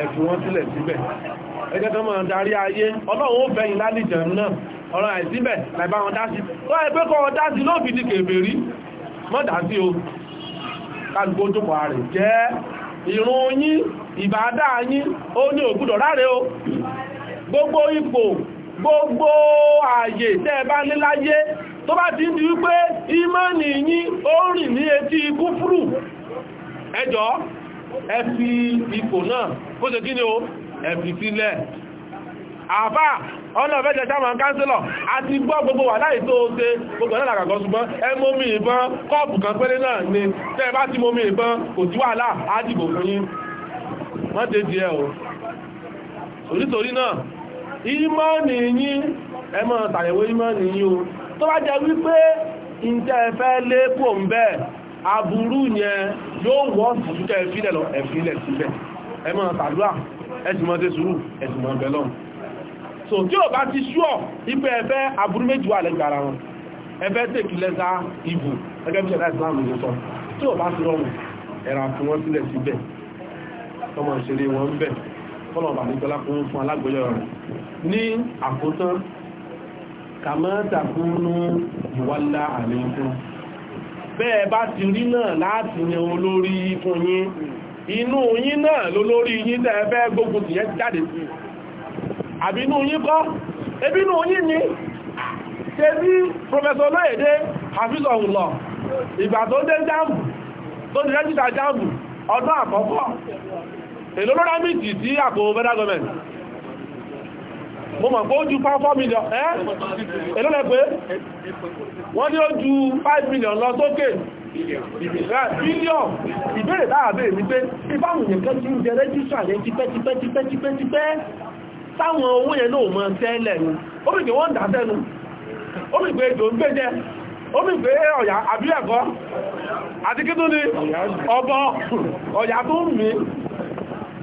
ẹ̀ wọn sílẹ̀ síbẹ̀ tó darí ayé ọlọ́run ó bẹ̀yìn lálìjẹ̀ náà ọ̀rọ̀ àìsíbẹ̀ láìbá wọn dásí ó ẹgbẹ́ kọ́ dásí ló fi di mọ́ dásí o kálùkó tó rẹ̀ jẹ́ yín ìbádá ó ní gbogbo ipò gbogbo ààyè tẹ́ bá ní láyé tó bá ti ń di wípé ìmánì yín ó rìn ní etí kúfúrù ẹ jọ̀ọ́ ẹ fi ipò náà kó ṣe kí ni o ẹ fi sílẹ̀ àbá ọ̀nà ọ̀fẹ́ jẹta ma ń káńsílọ̀ àti gbọ́ gbogbo wà láì tó ṣe gbogbo ẹ̀lá àkàkọ́ ṣùgbọ́n ẹ mọ́mí ìbọn kọ́ọ̀pù kan péré náà ni tẹ́ bá ti mọ́mí ìbọn kò sí wàhálà á dìbò fún yín wọ́n tẹ́ di ẹ̀ o nítorí náà ìmọ́ni yín ẹmọ́ tàyẹ̀wò ìmọ́ni yín o tó bá jẹ́ wípé ìjẹ́ ẹ̀fẹ́ lé kò ń bẹ́ aburú yẹn yóò wọ́ sùúrùkẹ́ ìfilẹ̀ lọ ẹ̀filẹ̀ síbẹ̀ ẹmọ́ tàdúrà ẹ̀sìmọ́ tẹ́ sùúrù ẹ̀sìmọ́ bẹ̀lọ́n so tí ò bá ti ṣúọ̀ ipẹ́ ẹ̀fẹ́ aburú méjì wà lẹ́gbàra wọn ẹ̀fẹ́ tèkì lẹ́sà ibù ẹgbẹ́ bí ṣẹ̀dá ìsìlámù ló sọ tí ò bá ti rọrùn ẹ̀rà fún wọn sílẹ̀ síbẹ̀ ọmọ ìṣeré wọn bẹ̀ kọ́lọ̀bà nígbọ́lá fún fún alágbóyọ̀ rẹ̀ ní àkótán kàmọ́ta fúnnú ìwálá àlékún bẹ́ẹ̀ bá ti rí náà láti ní olórí fún yín inú yín náà lólórí yín tẹ́ẹ̀fẹ́ gbógun ti yẹn jáde àbí inú yín kọ́ ebí inú yín ni ṣe bí professor lóyèdé hafiz ọ̀hùnlọ̀ ìgbà tó dé jáàmù tó ti rẹ́jítà jáàmù ọdún àkọ́kọ́ èlò lọ́rọ̀ méjì sí àpò federal government mo mọ̀ pé ó ju 4 million ẹ́ èlò lẹ́ pé wọ́n ní ó ju 5 million lọ sókè bílíọ̀n ìbéèrè láàbẹ̀ mi pé ìbáhùn yẹn kẹ́ tí ń jẹ rẹ́jísà yẹn ti pẹ́ ti pẹ́ ti pẹ́ ti pẹ́ ti pẹ́ táwọn owó yẹn náà mọ́ tẹ́lẹ̀ nu ó mì pé wọ́n dà sẹ́nu ó mì pé èdò ń gbé jẹ ó mì pé ọ̀yà àbí ẹ̀kọ́ àti kí tó ní ọbọ̀ ọ̀yà tó ń mí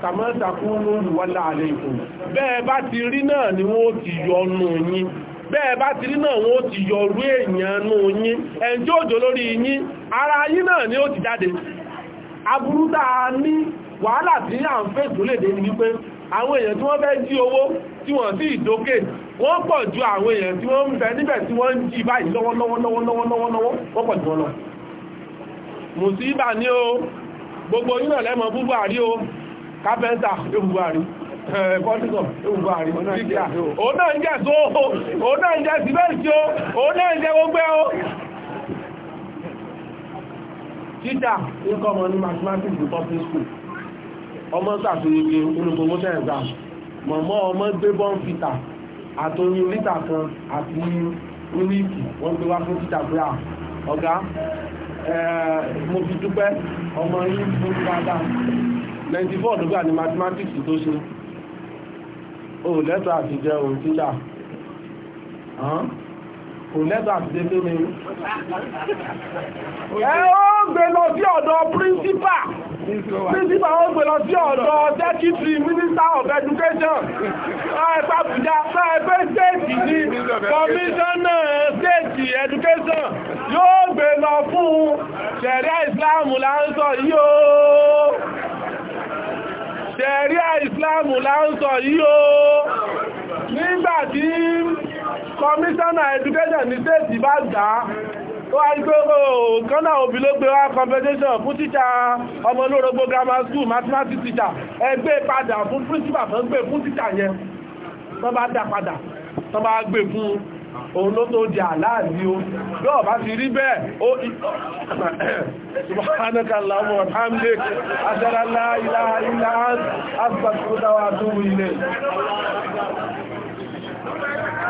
kàmọ́ta kún lórí wọ́lá àlékún bẹ́ẹ̀ bá ti rí náà ni wọ́n ti yọ nù yín bẹ́ẹ̀ bá ti rí náà wọ́n ti yọ rú èèyàn nù yín ẹ̀njẹ́ òjò lórí yín ara yín náà ni ó ti jáde aburú dáa ní wàhálà tí à ń fẹ́ tó lè dé ní wípé àwọn èèyàn tí wọ́n fẹ́ jí owó tí wọ́n sì dókè wọ́n pọ̀ ju àwọn èèyàn tí wọ́n ń bẹ níbẹ̀ tí wọ́n ń jí báyìí lọ́wọ́lọ́wọ́lọ́wọ́lọ́wọ́ wọ́n pọ̀ jù wọn lọ mùsíbà ní o gbogbo yínà lẹ́mọ̀ búbọ̀ àrí o kápẹ́ntà ebùbárí pọ́tíkọ̀ ebùbárí ìgbà òun náà ń jẹ́ só òun náà ń jẹ́ síbẹ̀sí ó òun náà ń jẹ́ gbogbo ó títà ń kọ́ ọmọ ní mathematics ní public school ọmọ sàtúnyege olùgbòmó tẹ́ẹ̀sà mọ̀mọ́ ọmọ gbé bọ́n fìtà àtòyìn lítà kan àti mílíkì wọ́n gbé wá fún títà pé à ọ̀gá eh, mo fi dúpẹ́ ọmọ yìí fún dáadáa 94 ló gbà ní mathematics tó ṣe o lẹ́tọ̀ àti jẹ́ òun títà kò lẹ́tọ̀ àti jẹ́ tóní ẹ ó gbé lọ sí ọ̀dọ̀ principal principal ó gbé lọ sí ọ̀dọ̀ secretary minister of education ẹ̀pàbùjá ẹgbẹ́ stéètì ní commissioner stéètì education yóò gbé lọ fún ṣẹ̀ríà ìsìláàmù láńsọ yóò ṣẹ̀ríà ìsìláàmù láńsọ yìí o nígbàtí kọmíṣánà education ní stéètì bá gbà tó wá gbé ọ̀kan náà òbí ló gbé wá compensation fún títà ọmọ olórogbo grammar school mathematics teacher ẹgbẹ́ padà fún principal fún gbé fún títà yẹn tó bá dá padà tó bá gbé fún òun ló tó jẹ àláàrí o lọ́ọ̀ bá ti rí bẹ́ẹ̀ ó ìsùnmọ́hánákàlá ọmọ hamdik asẹ́lálá ilá ilá asbàtíkútàwà tó wù ilẹ̀